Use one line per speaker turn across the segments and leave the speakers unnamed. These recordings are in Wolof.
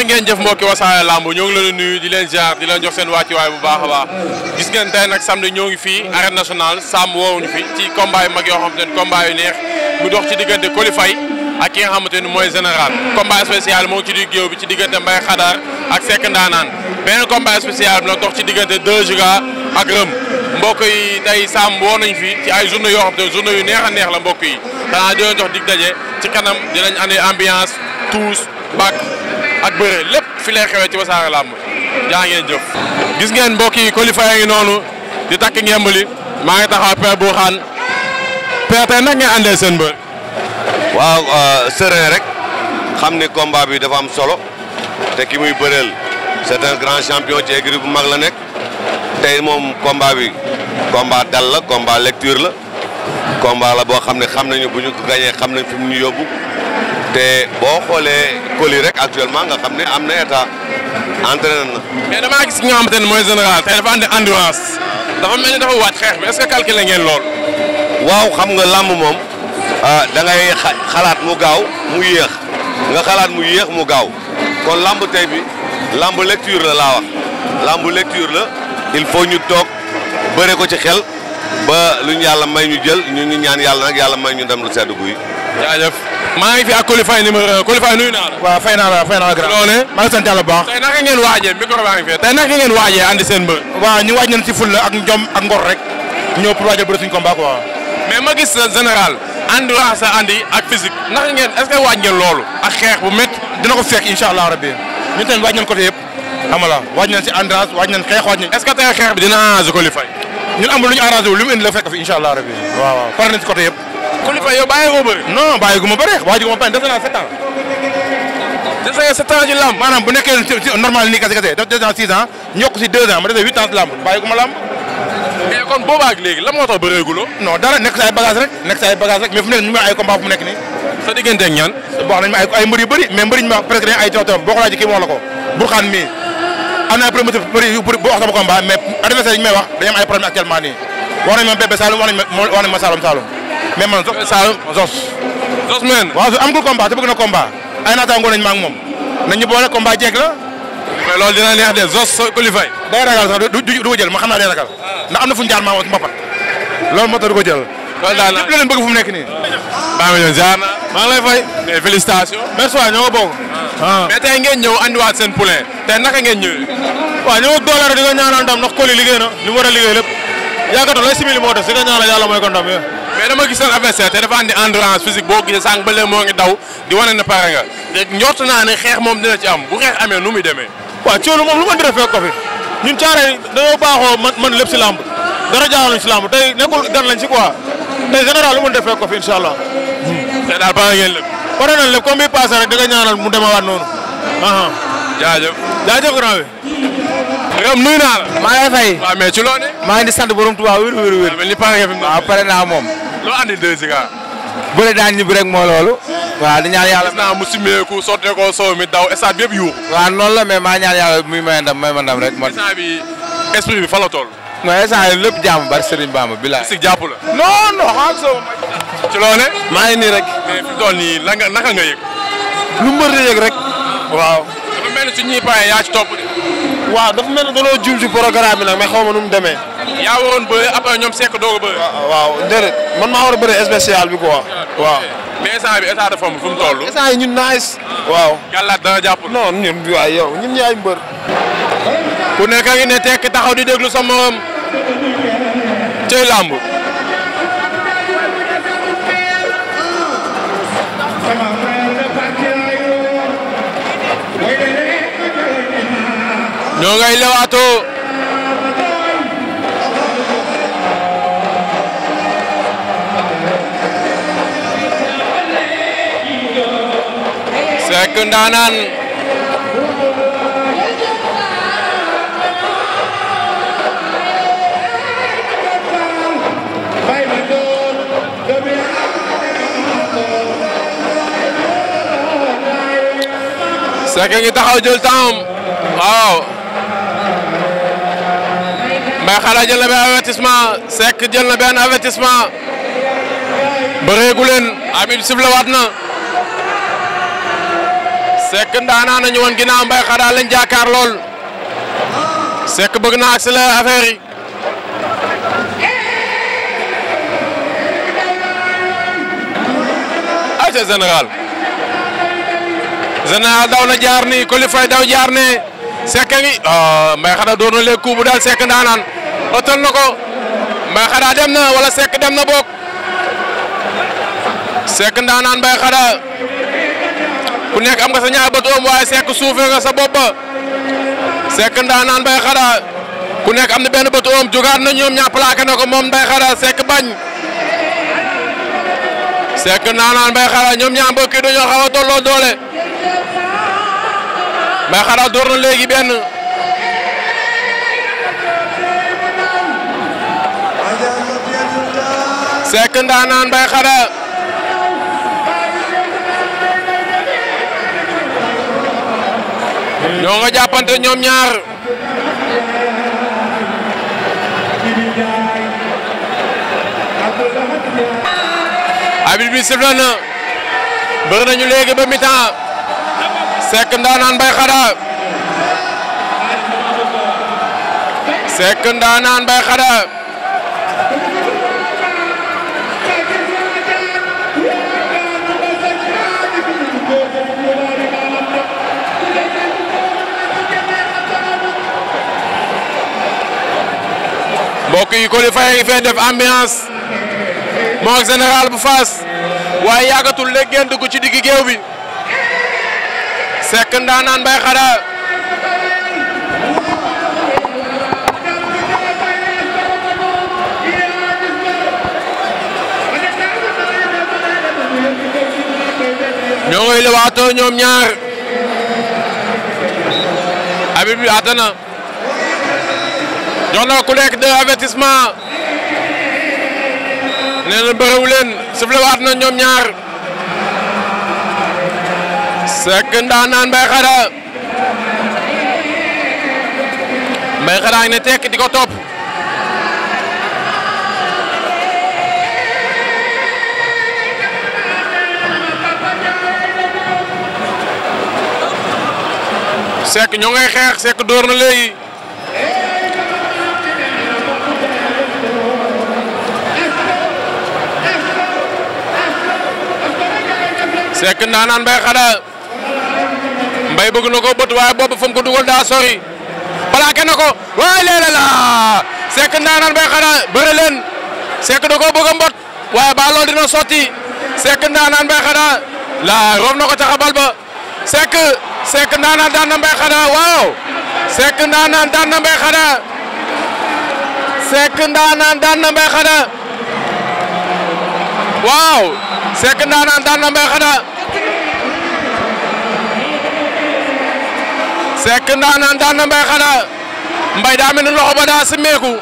jërë ngeen jëf mbokki wasaare lamb ñoo ngi leen nuyu di leen ziar di leen jox seen wàccuwaay bu baax a baax gis ngeen tey nag samedi ñoo ngi fii arène nationale sam woowuñu fi ci combat yu mag yoo xamante ne combat yu neex mu dox ci diggante Coly Faye ak ki nga xamante ni mooy général combat spécial moo ngi ci di géew bi ci diggante Mbaye Xadar ak Seck Ndaanaan beneen combat spécial bi nag dox ci diggante 2 Giga ak Rëm mbokk yi tey Sam woo nañ fi ci ay journée yoo xam te journée yu neex a neex la mbokk yi xanaa di leen jox dig daje ci kanam dinañ andi ambiance tous bak ak bëre lépp fi lay xewee ci Wassare Lamb jaa ngeen jëf. gis ngeen mbokk yi kilifa yaa ngi noonu di takk ngemb li maa ngi taxaw Père Bourkhane Père tey nag ngeen andee seen mbër. waaw euh, serein rek
xam ni combat bi dafa am solo te ki muy bëreel c'est un grand champion ci écurie bu mag la nekk tey moom combat bi combat dal la combat lecture la combat la boo xam ne xam nañu bu ñu ko xam nañ fi mu ñu yóbbu te boo xoolee. école rek actuellement nga xam ne am na état entraîné na.
mais damaa gis nga xamante ne mooy général tey dafa andi endurance dafa mel ni dafa waaj xeex bi est-ce ngeen lool. waaw xam nga làmb moom ah, da ngay xalaat mu gaaw mu yéex
nga xalaat mu yéex mu gaaw kon làmb tey bi làmb lecture la laa wax làmb lecture la il faut ñu toog bare ko ci xel ba lu ñu yàlla may ñu jël ñu ñu ñaan yàlla nag yàlla may ñu dem lu sedd guy. jaajëf
maa ngi fi ak Coly Faye numéro nuyu naa la. waaw fay grand. loole maa ngi sant yàlla bu baax. tey naka ngeen waajee micro baa ngi fee tey naka ngeen waajee andi seen mbër. waaw ñu waaj nañ ci fulla ak njom ak ngor rek ñëw pour waajal bëri suñu combat quoi. mais ma gis général endurance la andi ak physique naka ngeen est ce waaj ngeen loolu. ak xeex bu métti dina ko fekk incha allah rabbi ñun tamit waaj nañ côté yëpp xam nga waaj nañ si endurance waaj nañ xeex waaj nañ. est ñu arrangé wu li fekk fi incha allah waaw waaw pare Koulibaly yow bàyyi ko bëri. non bàyyi gu ma bëri waa ji gu ma bëri def naa ans. def ans normal nii kase kase def def ans ñu yokk si deux ans ma dese huit ans lamb bàyyi gu ma lamb. kon boobaa ak léegi lan moo tax bëreeguloo. non dara nekk si ay bagage rek nekk si ay bagage rek mais fu mu nekk ay combat fu mu nekk nii. sa diggante ak ñaan. ay ay mbër yu bëri ay cootoo boo ko laajee kii moo la ko. Burxaan mii am na ay
promoteur yu bëri boo mais man Zos Saalum Zos. Zos meen waaw amagul combat te bëgg na combat ay naataangoo nañ ma ak moom nañ ñu boole combat jeeg la. mais loolu dina neex de Zos kulifay. day ragal sax du du ko jël ma xam naa day ragal ndax am na fu ñu jaar maa ma mbapat loolu moo tax du
ko jël. loolu daal la lépp leen bëgg fu mu nekk nii. maa ngi leen ziar naa. maa ngi lay fay. mais félicitations. merci waay ñoo ko bokk. Ah. mais tey ngeen ñëw andiwaat seen poulain. tey naka ngeen ñëwee. waaw ñëw war a liggéey lépp yaakaar naa looy simili moo def si nga ñaanal yàlla mais dama gis seen adversaire te dafa andi endurance physique boo gisee sànq ba moo ngi daw di wane ne pare nga njort naa ne xeex moom dina ci am bu xeex amee nu muy demee. waaw Thionou moom lu ma dina fekk ko fi caare dañoo baaxoo man man lépp si làmb dara jaaxal si làmb tey nekkul si
quoi tey général lu ma dina fekk ko fi incha allah. tey daal pare ngeen lépp. pare nañ lépp comme
bi da nga mu demawaat noonu. jaajëf jaajëf grand bi. Rëm nuyu ci loonee. maa ngi di sant borom Tuubaa wér wér wér. waaw ni pare nga fi mu. waaw pare naa moom. loo andi deux Ziga. bële daan ñibbi rek moo loolu. waaw di ñaan yàlla. gis naa mu simmeeku sotteekoo soow mi daw stade bi yëpp yuux. waaw noonu la mais maa ñaan yàlla muy may ndam may ma rek. man instant bi esprit bi fa la toll. mais instant bari Serigne Bamba bilaay. si jàpp la. ci loone maa ngi nii rek. mais fi toll nii naka nga yëg. lu mbër di yëg rek. waaw. dafa mel ni suñuy paa yaa ci topp de. waaw nu mu demee. yaa waroon bëre après ñoom sekk doo ko bëre. waaw déedéet man maa war a bëre bi quoi. waaw mais instant bi état de forme fu mu toll. instant yi ñun nice. waaw gàllaat dana jàpp. non ñun ay yow ñun ñaay mbër. ku nekk a ngi ne tekk taxaw di déglu sa morom. cey làmb. ñoo ngay lewaatoo. nekk ndaanaan Seck ngi taxaw jël temps waaw Mbaye Khada jël na benn avertissement Seck jël na benn avertissement bëreegu leen Habib siflewaat na Seck ndaanaa nañu woon ginnaaw Mbaye Khada lañ jaakaar lool Seck bëgg na accélérer affaire ay ca général général daw na jaar ni Coly daw jaar ne Seck ngi ah, Mbaye Khada doon na léegi kuubu daal Seck ndaanaan ëttal na ko Mbaye dem na wala Seck dem na bokk Seck ndaanaan Mbaye Khada. ku nekk am nga sa ñaar batoom waaye Seck suufee nga sa bopp ba ndaanaan Mbaye Khada ku nekk am na benn batoom jógaat na ñoom ñaar plaqué ko moom Mbaye Khada Seck bañ Seck ndaanaan Mbaye Khada ñoom ñaar mbokk yi dañoo xaw a doole Mbaye Khada door na léegi benn. Seck ndaanaan Mbaye Khada. ñoo nga jàppante ñoom ñaar habit bi sifla na bëgg nañu ba mi-temps Seck ndaanaan bay xada Seck ndaanaan bay xada mbokk yi Coly Faye ngi fee def ambiance moo ak bu Fass waaye yàggatul léegi ngeen dugg ci diggi géew bi Seck ndaanaan bay xara ñoom ñaar Habib bi atana jox na ku nekk deux avertissement nee na bëriwu ñoom ñaar Seck ndaanaan Mbaye Khada Mbaye Khada ne tekk di ko topp Seck ñoo ngay xeex Seck dóor na léegi sekk ndaanaan mbay xada mbay bëgg na ko waaye boobu fa mu daa sori plaqué na ko waaye léeg-léeg sekk ndaanaan mbay xada bëre sekk ndaanaan mbay xada la roof na ko taxa bal sekk sekk ndaanaan daan na xada waaw sekk ndaanaan daan na xada waaw sekk ndaanaan daan na xada Seck ndaanaan daan na Mbaye xanaa Mbaye daa mel ni loxo ba daa simeeku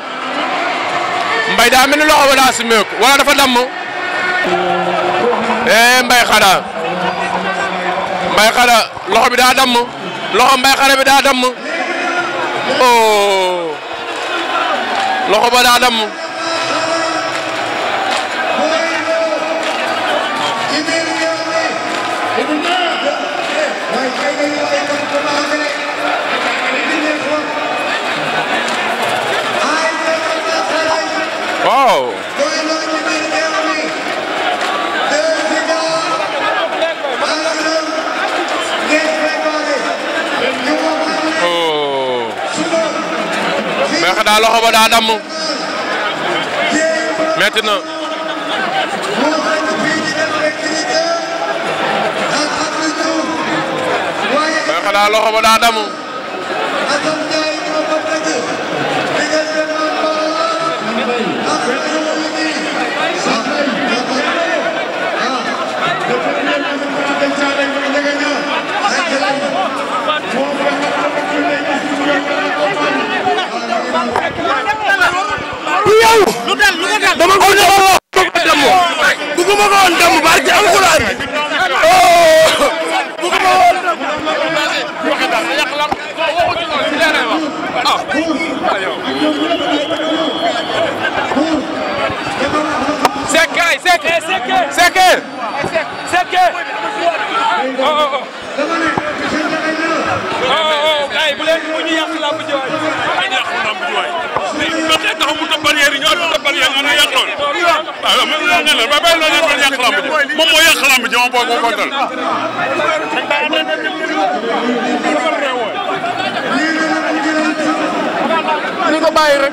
Mbaye daa mel ni loxo ba daa simeeku wala dafa damm eh Mbaye xanaa Mbaye xanaa loxo bi daa damm loxo Mbaye xanaa bi daa damm oh loxo ba daa waaw. meex loxo ba daa damm metti na meex daa loxo ba daa
yow lu dal lu dal dama
bu ñu yàq làmb ji waay. dañuy yàq làmb ji waay. léegi ba tey taxaw mu tëb barrière yi ñoo tëb barrière yi ñu yàqoon. Ah, waaw man loolu nee na ba bay loolu yëpp yàq làmb ji moom moo yàq làmb ji moom boo ko kontal.
ñu ko bàyyi rek.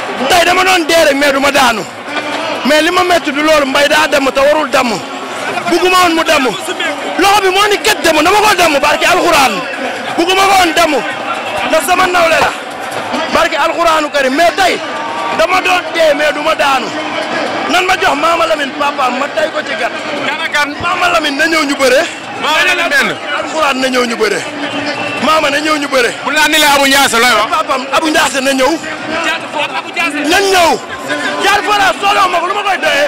tey dama doon dee rek mais du ma daanu mais li ma métti du loolu mbay daa damm te warul damm bugguma woon mu damm loxo bi moo ni kat damm dama ko damm barki alxuraan bugguma ko
woon damm ndax sama nawle la barki alxuraanu karim mais tey dama doon dee mais du ma daanu nan ma jox maama Lamine papaam ma tey ko ci gat. kan
ak kan na ñëw ñu bëre. alxuraan na ñëw ñu bëre maama na ñëw ñu bëre. bu la andilee Abu Ndiassé looy Abu Ndiassé na ñëw.
nañ ñëw. Diatou Fora sooloo ma ko koy doyee.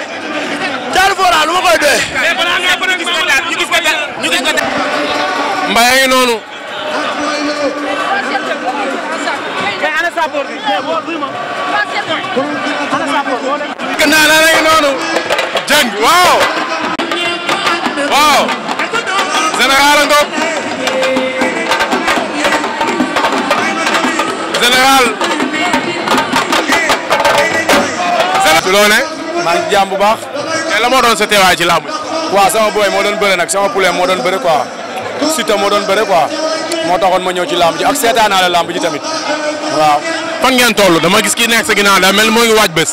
Diatou Fora lu koy doyee. ñu gis
ko a noonu.
gannaaw waaw
waaw. général a ngoog général. su loo ne. maa ngi jàmm bu baax. mais la moo doon sa teewaay ci làmb. waaw sama booy moo doon bëre nag sama poulet moo doon bëre quoi Siteu moo doon bëre quoi moo taxoon ma ñëw ci làmb ji ak seetaanaale làmb ji tamit waaw. fan ngeen toll dama gis kii nekk sa ginnaaw daa mel moo ngi waaj bés.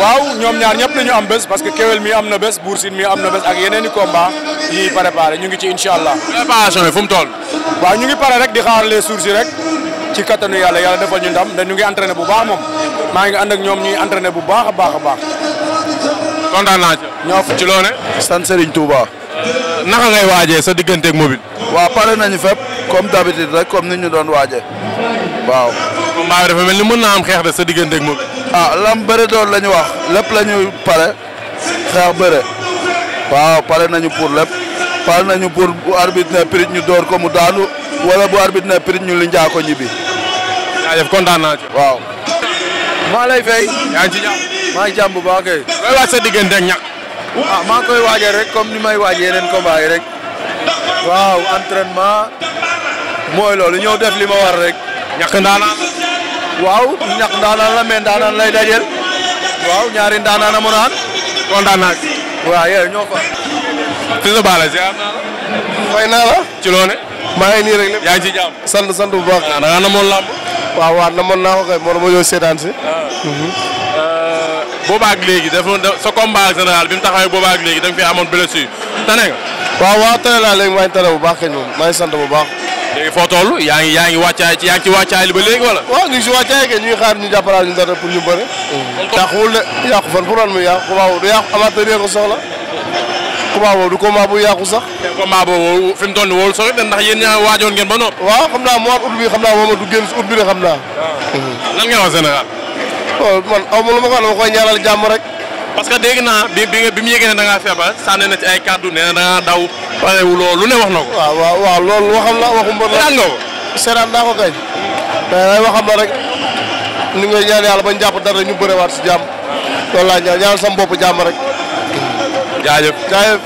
waaw ñoom ñaar ñëpp dañu am bés parce que Kewel mi am na bés Bour Sine mi am na bés ak yeneen i combat yi préparé ñu ngi ci incha allah. préparation yi fu mu toll. waaw ñu ngi pare rek di xaar les sources yi rek ci kattanu yàlla yàlla defal ñu dam da ñu ngi entraîné bu baax moom maa ngi ànd ak ñoom ñuy entraîné bu baax a baax a baax. kontaan naa ci. ñoo fu ci loone
sant Serigne Touba.
Euh, naka ngay waajee sa digganteeg mobile.
waaw pare nañu fépp comme d'habitude rek comme ni ñu doon waajee combat bi dafa mel ni mën naa am xeex de sa diggante ak ah lam bëre doon la ñu wax lépp la ñuy pare xeex bëre waaw pare nañu pour lépp pare nañu pour bu arbitre ne prit ñu door ko mu daanu wala bu arbitre ne prit ñu li njaa ñibbi. kontaan waaw. maa lay fay. maa ngi jàmm bu baax sa diggante ak ñàkk. Ah, maa koy waajee rek comme ni may waaj yeneen ko yi rek. waaw entraînement. mooy loolu ñëw def li ma war rek. ñàkk ndaanaan waaw ñàkk ndaanaan la mais ndaanaan lay dajeel. waaw ñaari ndaanaan amoon naan. kontaan naa ci. waaw yéen ñoo fa. Fils de Balla ziar fay naa la. ci loone maa ngi nii rek lépp yaa ngi ci jàmm. sant sant bu baax. waaw ah, da ngaa namoon làmb. waaw waaw namoon naa ko kay moo ma ñëw seetaan si. Ah. Mhm.
Euh, boobaag léegi dafa sa combat général bi mu taxaay boobaag léegi da nga fi amoon blessure tane
waaw waa tane laa léegi tane bu baax kañ moom maa ngi sant bu baax. léegi foo toll yaa ngi yaa ngi wàccaay yaa ngi ci wàccaay li ba léegi wala. waaw ñu ngi si wàccaay kañ ñu ngi xaar ñu jàppalaat ñu dara pour ñu bëri. yàquwul de yàqu fan pour lan muy yàqu ko soxla. combat du bu yàqu sax. combat boobu fi mu toll nii wóorul sori ndax yéen ñaa waajoon ngeen ba noppi. waaw xam naa mois août bi xam naa moom a du génn si août bi de xam naa. lan nga wax Sénégal. Oh, man aw ma lu
ma koy ñaanal jàmm rek parce que dégg naa bi mu yëgee ne da ngaa feebar sànni na ci ay kàddu nee na da daw lu ne wax na
ko. waaw loolu waxam la waxu mbër la. seetaan naa ko kay. waxam la rek ñu ngi ñaan yàlla bañ jàpp dara ñu bërewaat si jàmm. loolu laa ñaan ñaan sama rek. jaajëf jaajëf.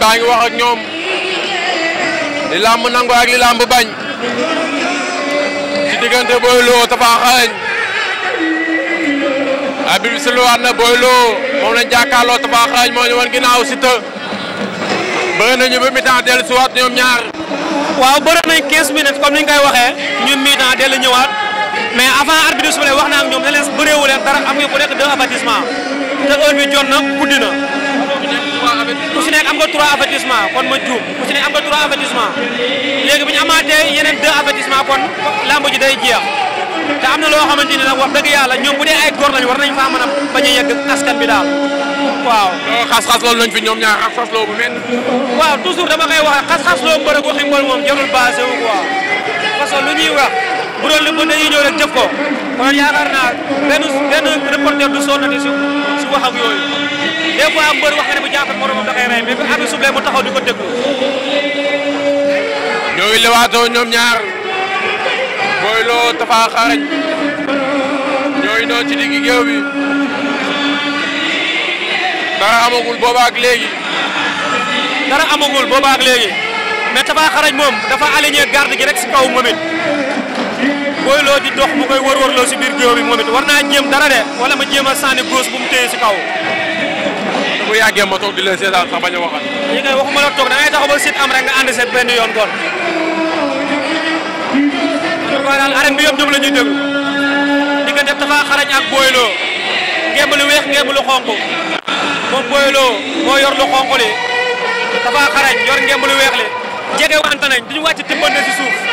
baa ngi wax ñoom li làmb nangu ak li làmb bañ. diggante Boy Lo Tapha Xaragne abib bi siluwaat na loo Lo moom lañ jàkkaarloo Tapha Xaragne moo ñu woon ginnaaw Siteu bëri nañu ba mi-temps dellu si waat ñoom ñaar waaw bëri nañ 15 minutes comme ni nga koy waxee ñun mi-temps dellu ñëwaat mais avant arbitre bi su wax naa ak ñoom ne leen bëreewu leen dara am nga ku nekk deux avertissement te heure bi jot na guddi na ci nekk am nga trois avertissement kon ma juum ku ci nekk am nga trois avertissement léegi bu ñu amaatee yeneen deux avertissement kon lamb ji day jeex te am na loo xamante ni nag wax dëgg yàlla ñoom bu dee ay góor lañu war nañ faa mën a bañ a yegg askan bi daal waaw. Oh, xas-xas loolu fi ñoom ñaar xas-xas loo bu mel. waaw toujours dama koy wax xas-xas loo mbërëg waxi moom jarul basé wu quoi parce que lu wax bu doon lépp dañuy ñëw rek jëf ko kon yaakaar naa benn wax ak yooyu des fois mbër wax nga ne bu jàppee moromam da koy rey mais bu amee suble mu taxaw di ko déglu. ñooy lewaatoo ñoom ñaar Boy Lo Tapha Xarañ ñooy noonu ci diggi géew bi dara amagul booba léegi. dara amagul booba léegi mais Tapha Xarañ moom dafa aligné garde gi rek si kaw moom Boy Lo di dox mu koy wër-wër si biir géew bi moom it war naa jéem dara de wala ma jéem a sànni góos bu mu téye si kaw. te bu yàggee ma toog di leen seetaan sax a waxal. lii kay waxuma la toog da ngay taxaw ba sit am rek nga ànd seet benn yoon kon. kon waaye daal arène bi yëpp ñoom la ñuy Xarañ ak Boy Lo ngemb lu weex ngemb lu xonk moom Boy Lo moo yor lu xonk li Tapha Xarañ yor ngemb lu weex li jege wante nañ wàcc timbal si suuf.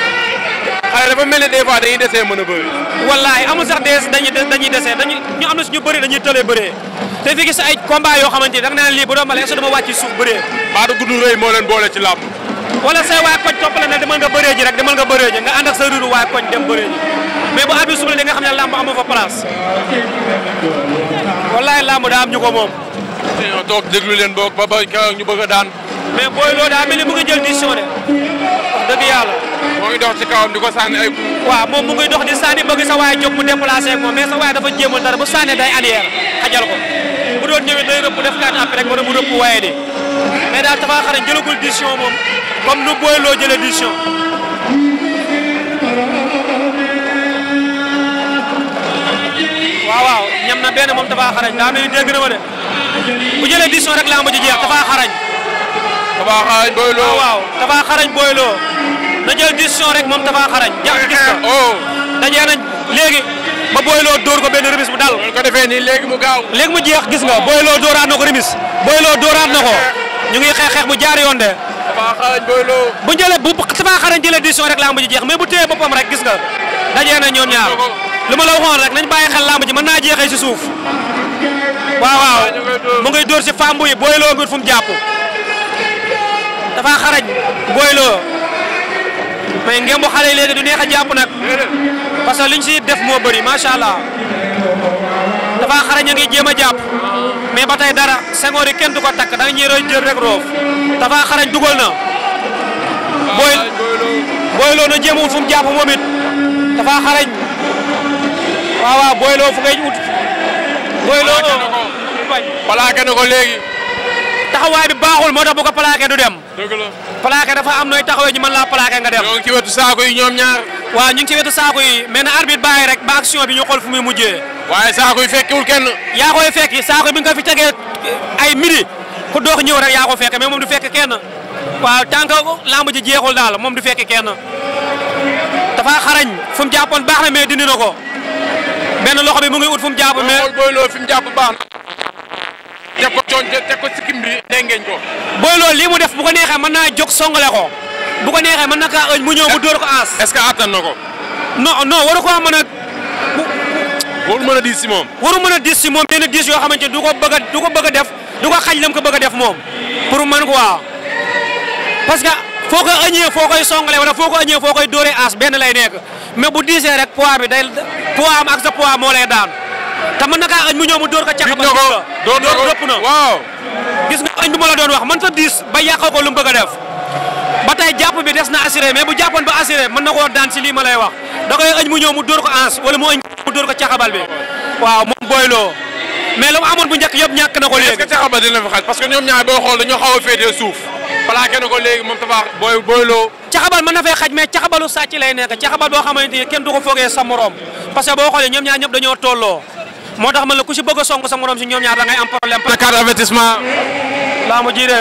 xale dafa mel ne des fois dañuy desee mën a bëri. wallaay amul sax des desee dañuy ñu am na suñu bëri dañuy tëlee bëree te fi gis ay combat yoo xamante ni da nga naan lii bu doon ma la dama wàcc suuf ba baadu gudd rëy moo leen boole ci làmb. wala say waa koñ toppale ne demal nga ji rek demal nga bëree ji nga ànd sa ruuru waa koñ dem bëree ji mais bu abi suuf la nga xam ne làmb amoo fa place. wallaay làmb daa am ñu ko moom. dañoo toog déglu leen boog ba ba ñu bëgg a daan. mais booy loo daa mel moo ngi dox ci kawam di ko sànni ay coups. waaw moom mu ngi dox di sànni bëgg sa waay jóg mu déplacé ak moom mais sa waay dafa jéemal dara bu sànni day arrière xajal ko bu doon ñëwee day rëpp def kaat après rek wala mu waaye de mais daal Tapha Kharagne jëlagul décision moom comme nu Boy Lo jëlee décision. waaw waaw ñam na benn moom Tapha Kharagne daa mel ni dégg na ma de bu jëlee décision rek lamb ji jeex Tapha Kharagne. Tapha Kharagne Boy na jël décision rek moom Tapha Xarañ. jàpp gis ko oh. dajee nañ léegi ba booyloo door ko benn remise bu dal. ko defee nii léegi mu gaaw. léegi jeex gis nga booyloo dóoraat na ko remise. booyloo dóoraat na ko ñu ngi xeex xeex bu jaar yoon de. Tapha Xarañ bu jëlee bu Tapha Xarañ jëlee décision rek lamb ji jeex mais bu téye boppam rek gis nga dajee nañ ñoom ñaar lu ma la waxoon rek nañ bàyyi xel lamb ji mën naa jeexee si suuf waaw waaw mu ngay door si fàmbu yi booyloo mbir fu mu jàpp Tapha Xarañ booyloo mais ngeen bu xale léegi du neex a jàpp nag liñ si def moo bëri macha allah dafa xarañ a ngi jéem a jàpp mais ba tey dara sengoor yi kenn du ko takk da nga ñëw rek roof dafa xarañ dugal na. booy booyloo na jéemul fu mu jàpp moom it dafa xarañ waaw waaw booyloo fu ngay ut. booyloo plaqué na ko léegi. taxawaay bi baaxul moo tax bu ko plaqué du dem. dëgg la plaqué dafa am nooy taxawee ñu mën laa plaqué nga dem. ñoo ngi ci wetu saako yi ñoom ñaar. waaw ñu ngi ci wetu saako yi mais na arbitre bàyyi rek ba action bi ñu xool fu muy mujjee. waaye saako yi fekkiwul kenn. yaa koy fekki saako bi nga fi tegee ay midi ku dox ñëw rek yaa ko fekk mais moom du fekk kenn. waaw tant que lamb ji jeexul daal moom du fekk kenn dafa xarañ fu mu jàppoon baax na mais dindi na ko benn loxo bi mu ngi ut fu mu jàpp mais. booy jàpp baax teg ko cooñ teg ko sikkim bi dengeñ ko. booy loolu lii mu def bu ko neexee mën naa jog songale ko bu ko neexee mën na kaa ëñ mu ñëw mu dóor ko aas. est-ce que attan na ko. non non waru ko mën a. waru mën a diis si moom. waru man a diis si moom yenn diis yoo xamante ni du ko bëgg ko bëgg def du ko xaj lam ko bëgg a def moom pour man ko waaw parce que foo ko ëñee foo koy songale wala foo ko ëñee foo koy dóoree aas benn lay nekk mais bu diisee rek poids bi day poids am ak sa poids moo lay daan. te mën na kaa añ mu ñëw mu door ko caxabal. gis nga ko dóor na waaw. gis nga añ bu ma la doon wax man sa diis ba yàqoo ko lu mu bëgg a def ba tey jàpp bi des na assuré mais bu jàppoon ba assuré mën na ko daan si lii ma lay wax da koy añ mu ñëw mu dóor ko ans wala mu añ mu dóor ko caxabal bi waaw moom booyloo mais lu amoon bu njëkk yëpp ñàkk na ko léegi. est-ce caxabal dina fi xaj parce que ñoom ñaar boo xool dañoo xaw a féetee suuf plaqué na ko léegi sàcc lay nekk caxabal boo xamante kenn du ko foogee sa morom parce que boo xoolee ñoom ñaar ñëpp dañoo tolloo moo tax man la ku si bëgg a song sa morom si ñoom ñaar da ngay am problème. la carte avertissement. laa mu ji de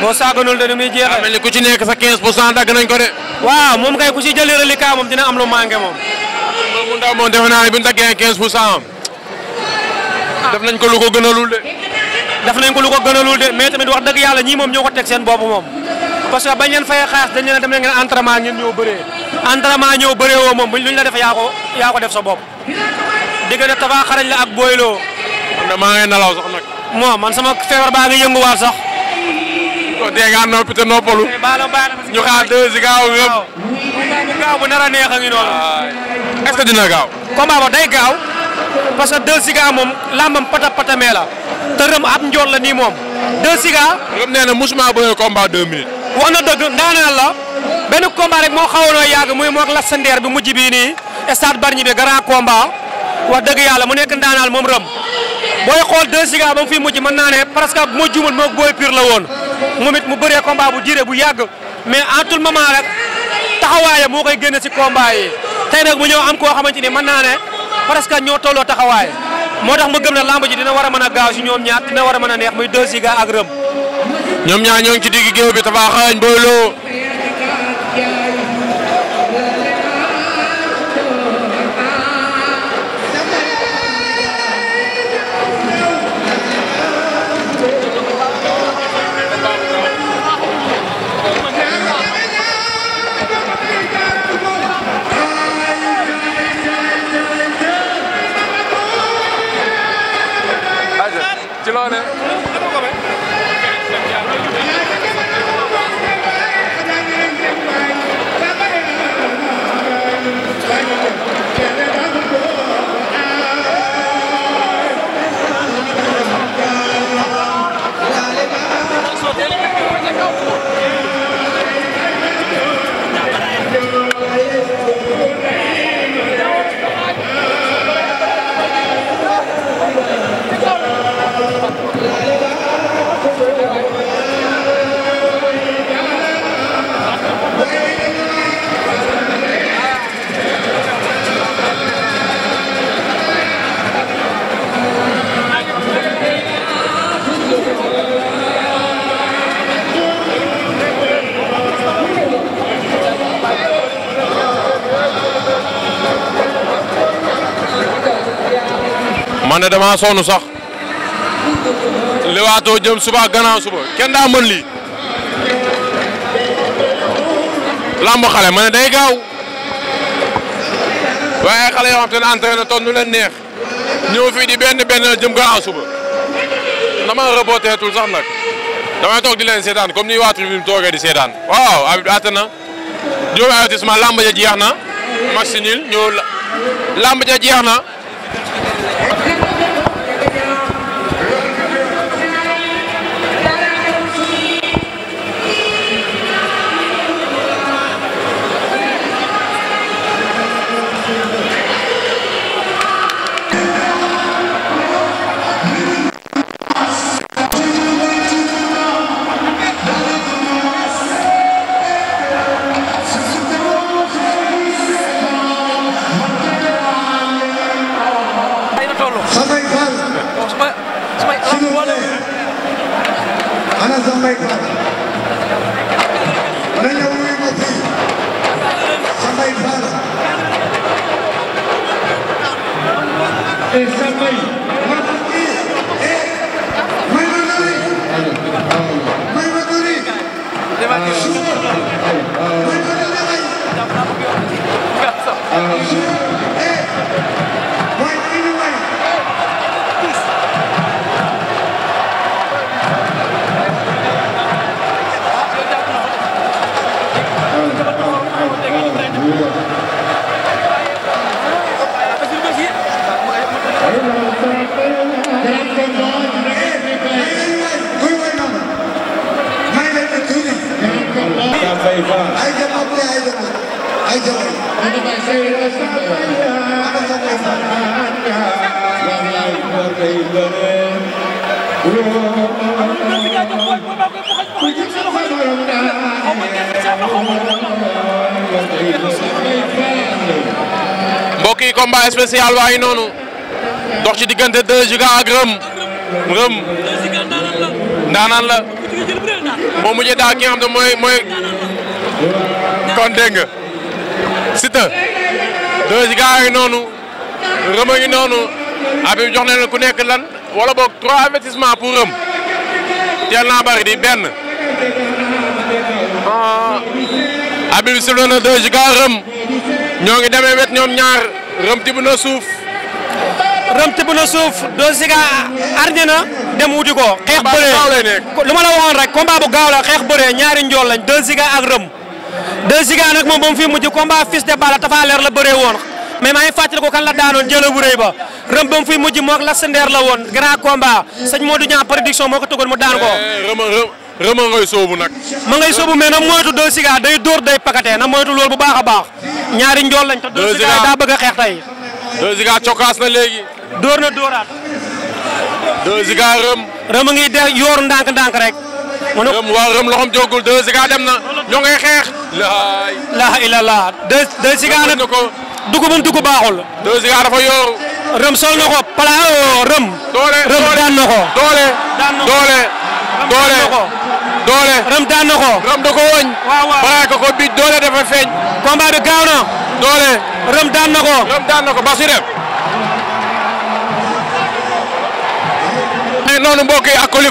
boo saaganul de ni muy mel ni ku ci nekk sa 15 pour cent dagg nañ ko de. waaw moom kay ku si jëlee reliquat moom dina am lu manqué moom. moom mu ndaw moom defe naa ne bu ñu daggee 15 pour cent am. Ah. daf nañ ko lu ko gënalul de. daf nañ ko lu ko gënalul de mais tamit wax dëgg yàlla ñii moom ñoo ko teg seen bopp moom. parce que bañ leen fay xaas dañ leen a dem leen ngeen entraînement ñun ñoo bëree. entraînement moom buñ luñ la def yaa ko yaa ko def sa bopp diggante Tapha de dina gaaw. combat ba day gaaw parce que deux siga moom làmbam pata patamee la ab njool la nii moom deux siga. rëm nee na musuma bëre combat deux minutes. la benn combat rek moo xawoon a yàgg muy moog lasandeer bi mujj bii nii stade Bargny bi wax dëgg yàlla mu nekk ndaanaal moom rëm booy xool deux Giga ba mu fi mujj mën naa ne presque bu ma juumul booy pire la woon moom it mu bëree combat bu jiree bu yàgg mais en tout moment rek taxawaayam moo koy génne si combat yi tey nag mu ñëw am koo xamante ni mën naa ne presque ñoo tolloo taxawaay moo tax ma gëm ne lamb ji dina war a mën a gaaw si ñoom ñaar dina war a mën a neex muy deux Giga ak rëm ñoom ñaar ñoo ngi ci digg géew bi tabaxaañ booy loo naa sonn sax lewaatoo jëm suba gannaaw suba kenn daa mën lamb xale ma ne day gaaw waaye xale yoo xam te ne entraîné toog nu leen neex ñëw fii di benn benn jëm gannaaw suba dama reporteetul sax nag damay toog di leen seetaan comme ni waa tribune bi toogee di seetaan waaw abit àtte na juróomi avertissement lamb ja jeex na match nul lamb ja jeex na Alassane Mbaye mbokk yi combat spécial noonu dox ci diggante deux Gigas ak Reum la moo mujjee daal ki mooy kon dégg Siteu deux gars yi noonu Reum jox na leen ku nekk lan wala boog trois avertissement pour Reum teel naa bari di benn ah. Habib sifle na deux gars Reum ñoo ngi demee wet ñoom ñaar Reum tibb na suuf Reum tibb na suuf deux gars arñe na dem wuti ko xeex bëree lu ma la waxoon rek combat bu gaaw la xeex bëree ñaari njool lañ deux gars ak Reum Deux Giga nag moom ba mu fi mujj combat fils de Balla Tapha Leer la bëree woon mais maa ngi fàttali ko kan la daanoon jëlee bu rëy ba rëm ba mu mujj moog la sendeer la woon grand combat sëñ Modou Niang production moo ko tëggoon mu daan ko. Eh, rëma ngay soobu nag. ma ngay soobu mais na moytu Deux Giga day dóor day pakate na moytu loolu bu baax a baax ñaari njool lañ. te Deux Giga daa bëgg a xeex tey. Deux Giga cokkaas na léegi. dóor na dóoraat. Deux Giga rëm. rëm ngi de yor ndànk-ndànk rek. mu ne rëm waa rëm loxoom jógul deux Ziga dem na ñoo ngay xeex. laay laa illallah deux deux Ziga nag dugubam dugub baaxul. deux Ziga dafa yooru. rëm sol na ko pala oh, rëm. daan na doole doole rëm daan na rëm daan na ko. rëm daan noonu mbokk ak Coly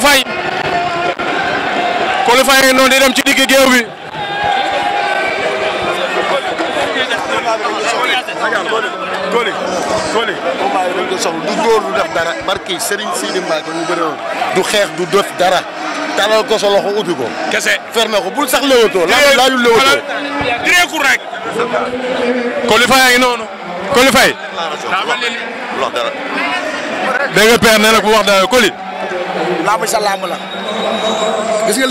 Coly Faye noonu di dem ci digg géew bi
Coly Coly combat bi dañ ko soxla du dóor du def dara barki Serigne Sidi Mbacke ñu bëri woon du xeex du def dara talal ko sa loxo ubbi ko kese ferme ko bul sax léwatoo laa laaju léwatoo
direeku rek Coly Faye a ngi noonu Coly Faye wax dara dégg nga père nee na bu wax dara Coly
lamb sa lamb la
gis nga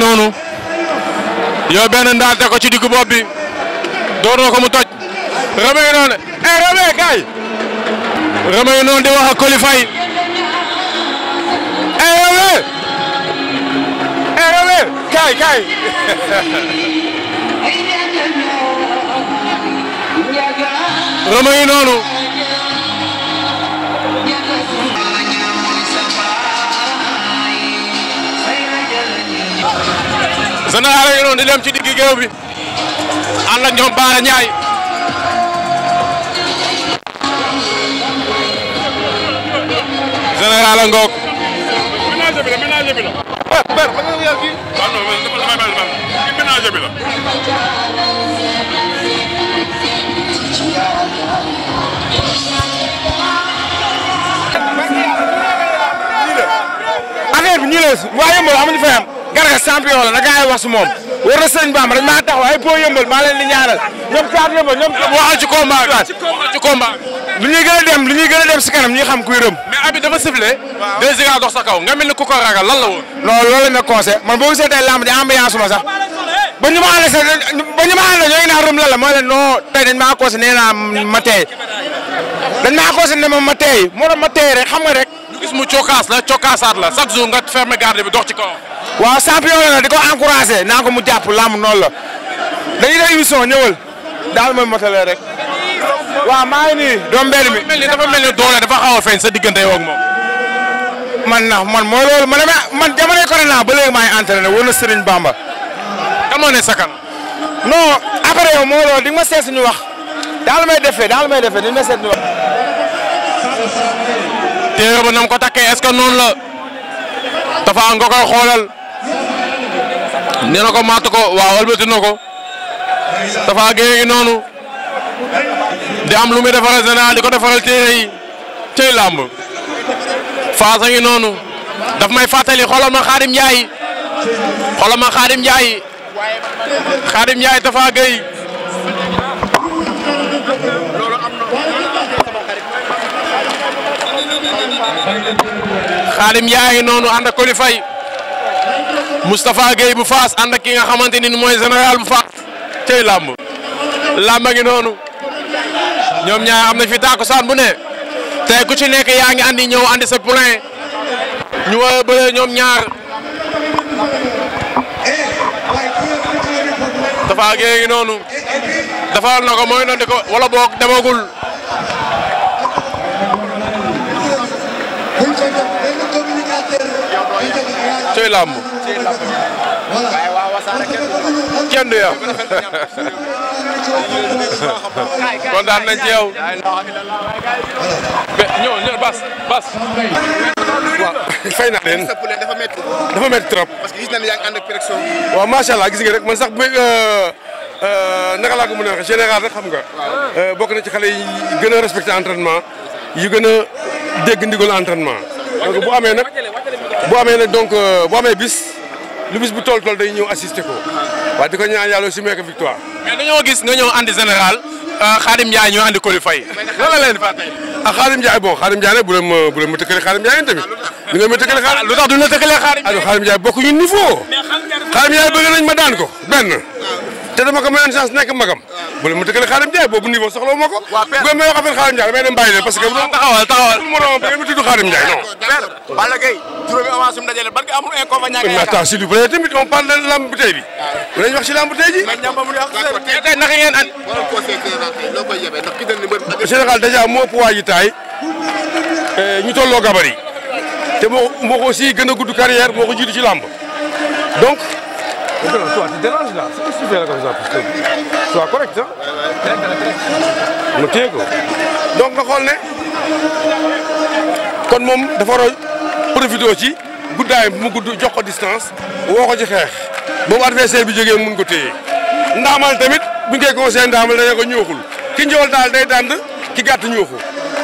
noonu. yow benn ndaal ko ci diggu bopp bi. door ko mu toj. Rama noonu eh kay. Rama noonu di wax ak kolifa yi. Eh, eh, kay kay. Rama noonu. général yi noonu di dem ci digg géew bi ànd ak a ngoog. ménage
bi waaye yëngu amuñu Garga
champion la na gars yi wax su moom war na sëñ Bamba dañ maa taxaw ay po yëmbal maa leen di ñaanal ñoom kaat yëmbal ñoom waxal ci combat bi ci combat a dem a si kanam ñuy xam kuy rëm mais abi dafa sifflé ma conseillé man boo gisee tey ma sax ba ñu ma ànd sax ba ñu ma ànd ñoo ngi naan maa conseillé nee naa ma tey dañ maa conseillé ne ma ma moo tax ma tey rek xam nga rek gis mu cokkaas la cokkaasaat la chaque jour nga fermer garde bi dox ci kawam. waaw champion la di mu jàpp la dañuy def émission ñëwal daal ma motalee rek waaw maa doom benn bi mel mel ni doole dafa a sa diggante yow ak moom. na man mooy loolu man man jamonoy corona ba léegi maa ngi entraîné moo ne sakan non après yow moo ma seet suñu wax daal may defee daal may defee di ma seet suñu téere ba ko takkee est-ce que noonu la dafa nga xoolal nee na ko matt ko waaw walbati na ko dafa génn noonu di am lu muy defaral Général di ko defaral téere yi cëy faasa ngi noonu daf may fàttali xoolal ma Xaadim Njaay xoolal Xaadim Njaay Xaadim Njaay xaadim yaa ngi noonu ànd ak Coly Faye Moustapha bu Faas ànd ak ki nga xamante ni moy général bu Faas cey làmb làmb ngi noonu ñoom ñaar am na fi tàkkusaan bu ne tey ku ci nekk yaa ngi andi ñëw andi sa poulain ñu war a ñoom ñaar Moustapha Gueye ngi noonu defal na ko mooy noonu di ko wala boog demagul. cey làmb kenn du bas bas fay naa leen dafa métti dafa métti trop parce que gis nañ yaa ngi ànd ak pression waaw nga rek man sax bu euh, euh, naka laa ko mën a waxee général rek xam nga euh, bokk na ci xale yi gën a respecté entraînement yu gën a dégg ndigal entraînement donc bu amee nag bu amee nag donc euh, bu amee bis lu bis bu toll toll day ñëw assister ko waaw di ko ñaan yàlla aussi meek victoire. mais dañoo gis nga ñëw andi général euh, Khadim Ndiaye ñoo andi Coly Faye. lan la leen a tey. ah Khadim Ndiaye bon Khadim Ndiaye nag bu doon ma bu doon ma tëkkale Khadim Ndiaye tamit. Ah, li nga ma tëkkale Khadim lu tax duñ la tëkkalee Khadim ah, Ndiaye. alors Khadim Ndiaye bokkuñu niveau. Khadim Ndiaye bëgg nañ ma daan ko benn. te dama ko mayoon chance nekk magam bu leen ma tëkkale Xaadim boobu niveau soxla ma ko bu ma wax affaire Xaadim Ndiaye damay dem bàyyi leen parce que taxawal taxawal bu ma ngeen ma tudd Xaadim Ndiaye non Balla Gaye juróomi avance ngeen an loo koy moo ëpp waa ji taay ñu tolloo gabar yi te moo moo ko gën a gudd carrière moo ko jiitu lamb Mais non, toi, tu déranges correct, hein mu donc nga xool ne kon moom dafa war a profité ci guddaayam bu mu gudd jox ko distance woo ko ci xeex boobu adversaire bi jógee mun ko téye ndaamal tamit bu ñu koy conseillé ndaamal dañoo ko ñuuxul ki njool daal day dànd ki gàtt ñuuxu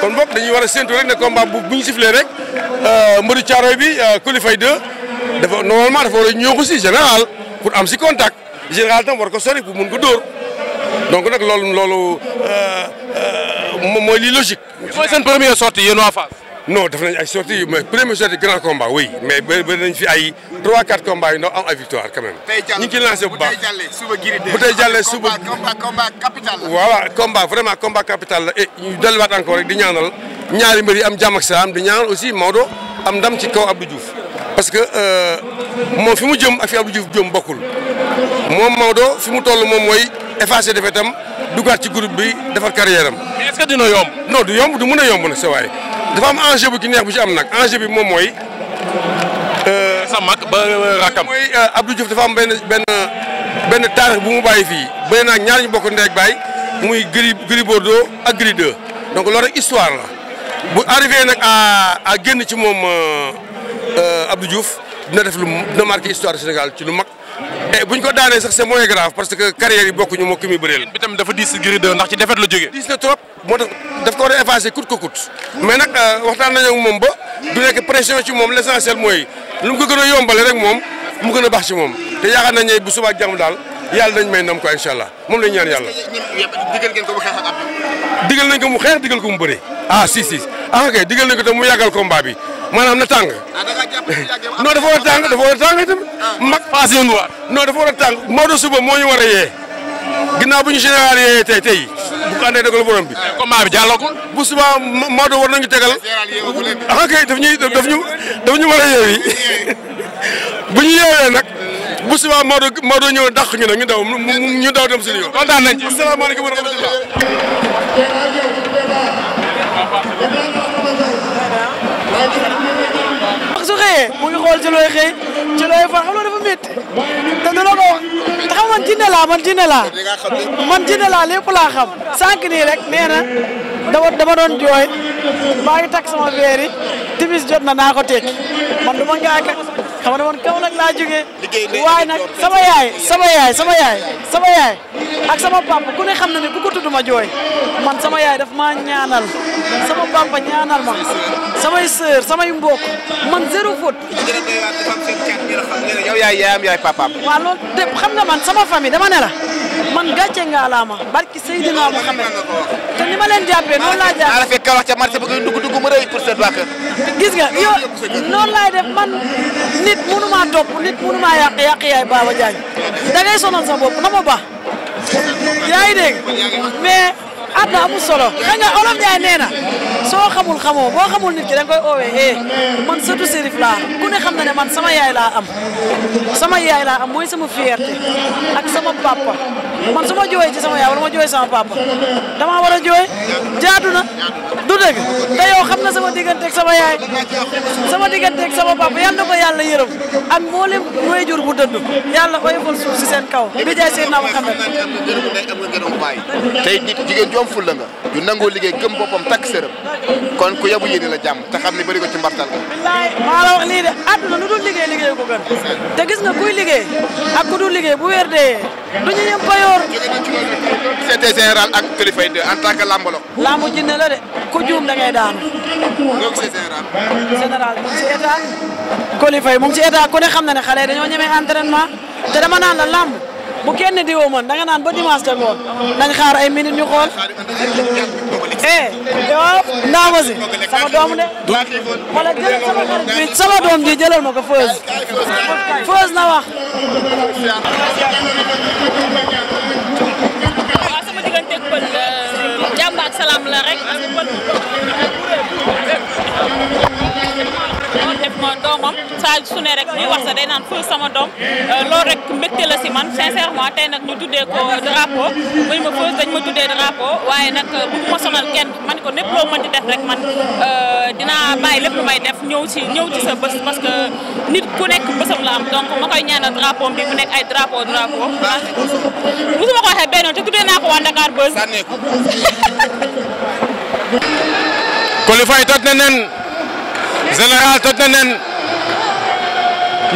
kon boog dañuy war a séntu rek ne combat bu bu ñu sifflé rek euh, mbëru caaroy bi euh, Coly Faye dafa normalement dafa war a ñuuxu si général pour am si contact général tam war ko sori pour mun ko dóor donc nag loolu loolu euh, euh, moom mooy li logique. mooy seen première sortie yéen waa Fass. non def nañ ay sorties mais première sortie grand combat oui mais bëri nañ fi ay 3 4 combats yu ndaw am ay victoire quand même. ñu ngi ciy lancé bu baax bu tey jàllee suba.
combat combat capital la. voilà
combat vraiment combat capital la et ñu delluwaat encore rek di ñaanal ñaari mbër yi am jàmm ak salaam di ñaanal aussi Maodo am ndam ci kaw Abdou Diouf. parce que euh, moom fi mu jëm ak fi Abdou Diouf jëm bokkul moom Maodo fi mu toll moom mooy effacé defee tam dugaat ci groupe bi defar carrière am. mais est dina yomb. non du yomb du mën a yomb na sa waay dafa am enjeu bu ci neex bu ci am nag enjeu bi moom mooy. Euh, sa ba rakam. Euh, dafa am benn benn benn taarix bu mu bàyyi fii bëri naa ñaar ñu bokk ndey ak muy Gris Gris Bordeaux ak Gris donc loolu rek histoire la bu arrivé nag à génn ci moom. Euh, Abdou Diouf dina def lu dina marqué histoire Sénégal ci lu mag. bu ñu ko daanee sax c'est moins grave parce que carrière yi bokkuñu moo ki muy bëreel. bi tam dafa diis Gris 2 ndax ci défaite la jógee. diis na trop moo tax daf ko war a effacer coûte que coûte. mais nag euh, waxtaan nañu ak moom ba du nekk pression ci moom l'essentiel mooy lu mu gën a yombale rek moom mu gën a baax ci moom te yaakaar nañ ne bu subaa jàmm daal yàlla dañ may nam ko incha allah moom lañ ñaan ah si si ah ok digal nañ mu yàggal combat bi maanaam na tàng. non dafa war a dafa war a mag paase yoon wa non dafa war a tàng ah. suba moo ñu war yee ginnaaw bu ñu général yee tey tey bu ko andee dogal borom bi. Ah, combat bi jàllagul. bu suba Maodo war ah, ñuy daf ñu daf ñu war a ñu yeewee nag. ñu ne ñu daw ñu daw
wax su xëyee mu ngi xool ci looy xëy ci looy fan xam nga dafa métti te du la ko wax xam man jinne laa man jinne laa man jinne laa xam sànq nii rek nee dama dama doon jooy maa ngi takk sama verre timis jot na naa ko tekki du ma ngaa xam nga man kaw nag laa jógee. waaye nag sama yaay sama yaay sama yaay sama yaay ak sama papa ku ne xam na ne bu ko tudd man sama yaay daf maa ñaanal sama papa ñaanal ma samay sœur samay mbokk man zéro faute. yaay yaayam yaay papaam. waaw loolu de xam nga man sama famille dama la man gàcce nga laa ma barki Seydina Mouhamed te ni ma leen jàppee noonu laa jàppee. maa la fekk wax ca marché ba ngay dugg dugg mu rëy pour sa waa kër. gis nga yow noonu laay def man nit munu maa topp nit munu maa yàq yàq yaay Baba Diagne da ngay sonal sa bopp na ma baax yaa ngi dégg a amul solo da olof Njaay nee soo xamul xamoo boo xamul nit ki da nga koy oowee eh man sëtu Serif laa ku ne xam na ne man sama yaay laa am sama yaay laa am mooy sama fierté ak sama papa man su ma jooyee ci sama yaay wala ma jooyee sama papa damaa war a jooy jaatu na du dëgg te xam na sama diggante digganteeg sama yaay sama digganteeg sama papa yal na ko yàlla yërëm ak mboolem wéyjur bu dëdd yàlla koy fal suuf si seen kaw bi jaay seen naam xam tey
nit jigéen ju am fulla nga ju nangoo liggéey gëm boppam takk sërëm kon ku yabu yéene la jàmm te xam ne bëri ko ci mbartal la
billaay maa la wax lii de àdduna lu dul liggéey liggéey ko gën te gis nga kuy liggéey ak ku dul liggéey bu weer dee du ñu yem payoor c'était général ak kilifa yi en tant que lambolo lambu jinne la de ku juum da daanu général mu ngi ci état Coly Faye mu ci état ku ne xam na ne xale yi dañoo ñemee entraînement te dama naan la làmb bu kenn diwoo man da naan ba dimanche te ngoon nañ xaar ay minutes ñu xool eh yow ndax ma si sama doomu de ji jëlal ma ko Feuz Feuz na wax moo def doomam saa su ne rek ñuy wax sa day naan ful sama doom euh, loolu rek mbégte la si man sincèrement tey nag ñu tuddee ko drapeau buñ ma ful dañ euh, euh, dinaa bàyyi lépp lu may def ñëw ci ñëw ci sa parce que nekk bésam la am donc ma koy ñaanal drapeau bi mu nekk ay drapeau waxee benn te tuddee naa ko waa Dakar Buzz.
Coly Faye toj général toj na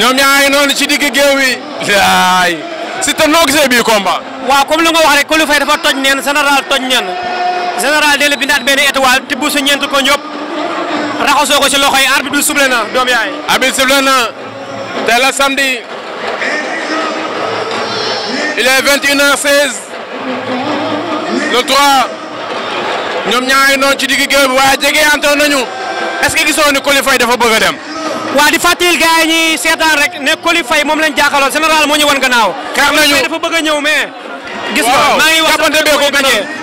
ñoom ñaa noonu ci digg géew wi laay Siteu noo gisee bii combat. waaw lu nga wax rek Coly Faye dafa toj nen général toj nen général delloo bindaat benn étoile tibb su ñeent ko ñëpp raxasoo ko ci loxo yi arbitre bi doom yaay. arbitre suble na tey la samedi il est 21 h ñoom ñaari noonu ci digg géew bi waaye jegeyantoo nañu est-ce que gisoo ni Coly Faye dafa bëgg a dem. waa di fàttali gars yi seetaan rek ne Coly moom lañ jàkkaarloo général moo ñu wan gannaaw. xeex nañu dafa bëgg a ñëw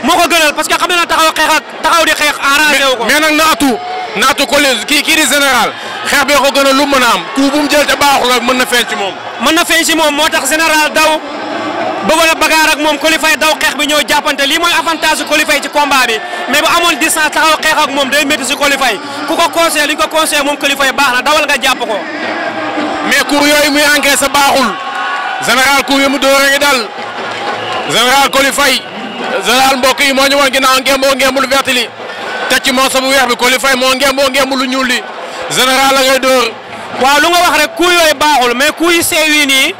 moo ko gënal parce que xam na taxaw xeex ak taxaw di xeex arrangé wu ko. mais nag naatu kii kii di général xeex bee ko gënal lu mën a am. ku bu mu jël te baaxul mën na feeñ ci moom. mën na feeñ ci moom moo tax général daw bëggoon a bagaar ak moom qualifié daw xeex bi ñëw jàppante lii mooy avantage su qualifié ci combat bi mais bu amoon distance taxaw xeex ak moom day métti si qualifié ku ko conseillé li ñu ko conseillé moom qualifié baax na dawal nga jàpp ko. mais coup yooyu muy encaissé baaxul général coup yi mu door a ngi dal général qualifié général mbokk yi moo ñu woon ginnaaw ngemboo ngembul vert li teg ci moo sabu weex bi qualifié moo ngemboo ngembul lu ñuul li général la ngay waaw lu nga wax rek coup yooyu baaxul mais coup yi seew nii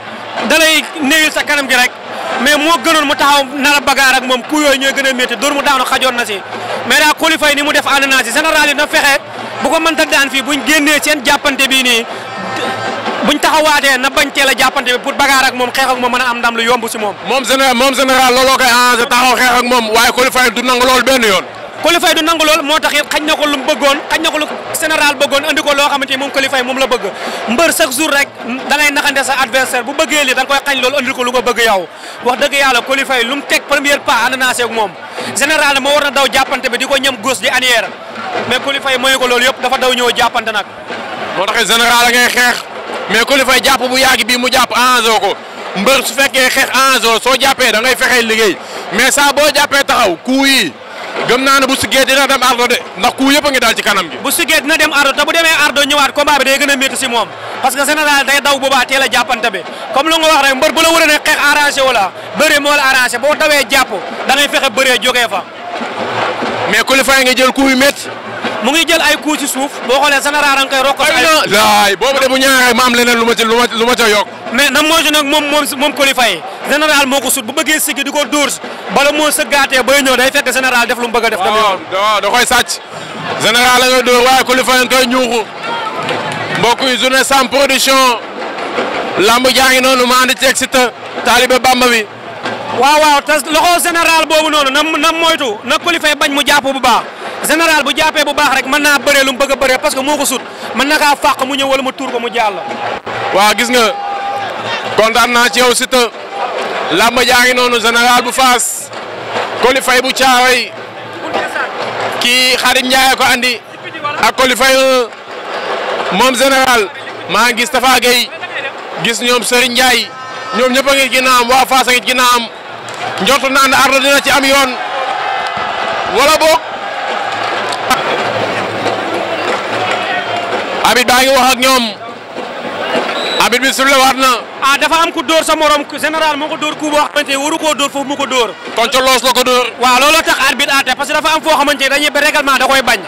da lay sa kanam gi rek. mais moo gënoon mu taxaw nar a bagaar ak moom ku yooyu ñoo gën a métti mu daanu xajoon na si mais daa qualifié ni mu def ànd naa si général yi na fexe bu ko mënta daan fii buñ génnee seen jàppante bii ni buñ taxawaatee na bañ teel a jàppante bi pour bagaar ak moom xeex ak moom mën a am dam lu yomb si moom. moom général moom général looloo koy arrangé taxaw xeex ak moom waaye qualifié du nangu lool benn yoon. Coly Faye du nangu lool moo tax it xañ na ko lu mu bëggoon xañ na ko lu général bëggoon andi loo xamante ni moom Coly Faye moom la bëgg mbër chaque jour rek da ngay naxante sa adversaire bu bëggee lii da nga koy xañ loolu andi ko lu nga bëgg yow wax dëgg yàlla Coly Faye lu teg première pas ànd naa seeg moom général moo war na daw jàppante bi di ko ñam gos di arrière mais Coly mooy mayu ko loolu yëpp dafa daw ñëw jàppante nag moo tax général ngay xeex mais Coly jàpp bu yàgg mu jàpp enjeu ko mbër su fekkee xeex enjeu soo jàppee da ngay fexee liggéey mais saa boo jàppee taxaw kuu yi gëm naa ne bu siggee dina dem ardo de ndax ku yëpp a ngi daal ci kanam gi bu siggee dina dem ardo te bu demee ardo ñëwaat combat bi day gën a métti si moom parce que général day daw boobaa teel a jàppante bi comme lu nga wax rek mbër bu la wër ne xeex arrangé wala bëree moo la boo dawee jàpp da ngay fexe bëree jógee fa mais qualifié nga jël coup yu métti mu ngi jël ay coups ci suuf boo xoolee général da nga koy rokk. ay boobu de bu ñaaree ma am leneen lu ma ci lu ma lu ma ca yokk. mais na mooy si nag moom moom moom qualifié général moo ko sut bu bëggee siggi di ko dóor bala moo sëggaatee bay ñëw day fekk général def lu mu bëgg a def. waaw waaw da koy sàcc. général la ngay dóor waaye qualifié nga koy ñuuxu. mbokk yi journée sans production. lamb jaa ngi noonu ma andi ceeg si te taalibe bamba bi. waaw waaw te général boobu noonu na na moytu na qualifié bañ mu jàpp bu baax. général bu jàppee bu baax rek mën naa bëree lu mu bëgg a bëree parce que moo ko sut mën na kaa fàq mu ñëw wala mu tuur ko mu jàll. waaw gis nga kontaan naa ci yow Siteu làmb noonu général bu Faas Coly Faye bu Thiaroye kii Xadim Ndiaye ko andi ak Coly Faye moom général maa ngi gis gis ñoom Serigne Ndiaye ñoom ñëpp a ngi ginnaawam waa Fass a ngi ginnaawam njortu naa ne ardo dina ci am yoon wala boog. abit baa ngi wax ak ñoom abit bi sulle waat na. ah dafa am ku dóor sa morom général moo ko dóor ku boo koo dóor foofu mu ko dóor. tontu loos la ko am foo xamante ne dañuy ba règlement da bañ.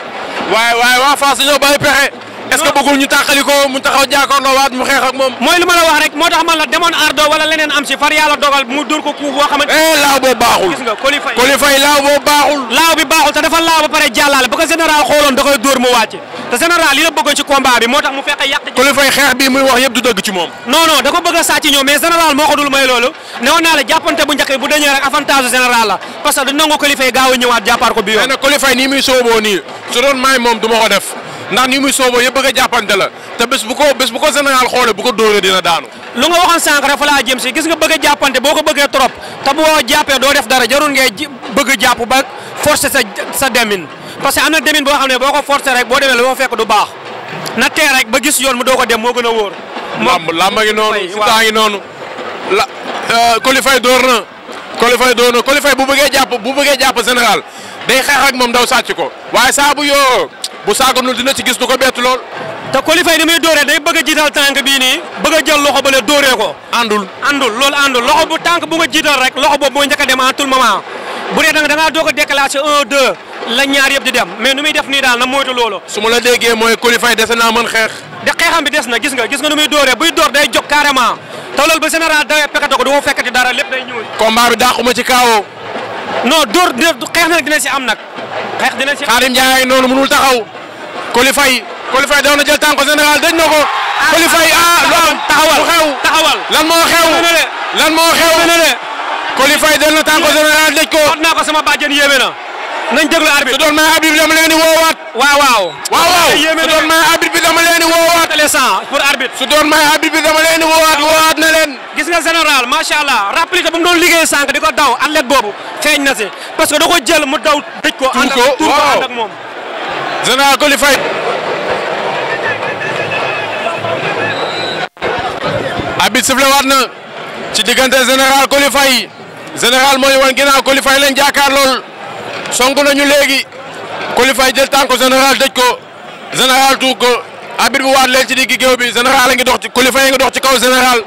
waaye waaye waa Fass dañoo bàyyi pexe. est-ce ñu tàqali ko mu taxaw jàkkaarloo waat mu xeex ak moom. mooy lu ma la wax rek moo tax ma la demoon ardo wala leneen am si far yàlla dogal mu dóor ko ku boo xamante ne. Eh, laaw boobu baaxul gis laaw boobu baaxul. laaw bi baaxul te dafa laaw ba pare jàllale ba koy dóor mu te général li la bëggoon ci combat bi moo tax mu fexe yàq. ku li fay xeex bi muy wax yëpp du dëgg ci moom. non non da ko bëgg a sàcc ñoom mais général moo may a ñëwaat moom du ma ko def ndax nii muy sooboo yëpp bëgg a jàppante la te bés bu ko bés bu bu ko dóoree dina daanu. lu nga waxoon sànq rek fa laa jëm si gis nga bëgg jàppante boo ko bëggee trop te boo jàppee doo def dara jarul ngay bëgg jàpp ba forcer sa sa demin parce que am na demin boo xam ne boo ko forcer rek boo demee la boo fekk du baax na tee rek ba gis yoon mu doo ko dem moo gën a wóor. lamb lamb ngi noonu Siteu ngi noonu. la euh, Coly Faye bu bëggee jàpp bu bëggee jàpp général day moom daw sàcc ko waaye saa bu yoo bu saagoonul dina ci gis du ko bett lool. te Coly Faye ni muy dooree day bëgg a jiital tànk bii nii bëgg jël loxo bële dooree ko. àndul àndul loolu àndul loxo bu tànk bu nga jiital rek loxo boobu a dem bu dee da la ñaar yëpp di dem mais nu def nii daal na moytu loolu. su ma la déggee mooy qualifié dese naa mën xeex. de xeexam bi des na gis nga gis nga nu muy dóoree buy dóor day jóg carrément te loolu ba général dawee pekkate ko du ma fekkati dara lépp day ñuul. combat bi dàquma ci kaawoo. non dóor xeex nag dina si am nag. xeex dina si am Xaadim Njaay noonu mënul taxaw. qualifié qualifié daw na jël tànk général dëj na ko. qualifié ah, ah, ah, am taxawal xew lan moo xew lan moo xew qualifié dal na tànk général dëj ko. xot naa ko sama bàjjen yéeme na nañ déglu arbitre. su doon may arbitre bi dama leen di woowaat. waaw waaw. waaw waaw su doon may arbitre bi dama leen di woowaat. pour arbitre. su doon may arbitre bi dama leen di woowaat woowaat na leen. gis nga général macha allah rappliqué bu mu doon liggéey sànq di ko daw athlète boobu feeñ na si parce que da ko jël mu daw. dëj ko moom. général Coly Faye. arbitre sifflé waat mooy wan ginnaaw Coly Faye lañ lool. songu nañu léegi Coly Faye jël tànk ko général dëj ko général tuur ko arbitre bi waat leen ci diggi géew bi général a dox ci Coly Faye dox ci kaw général.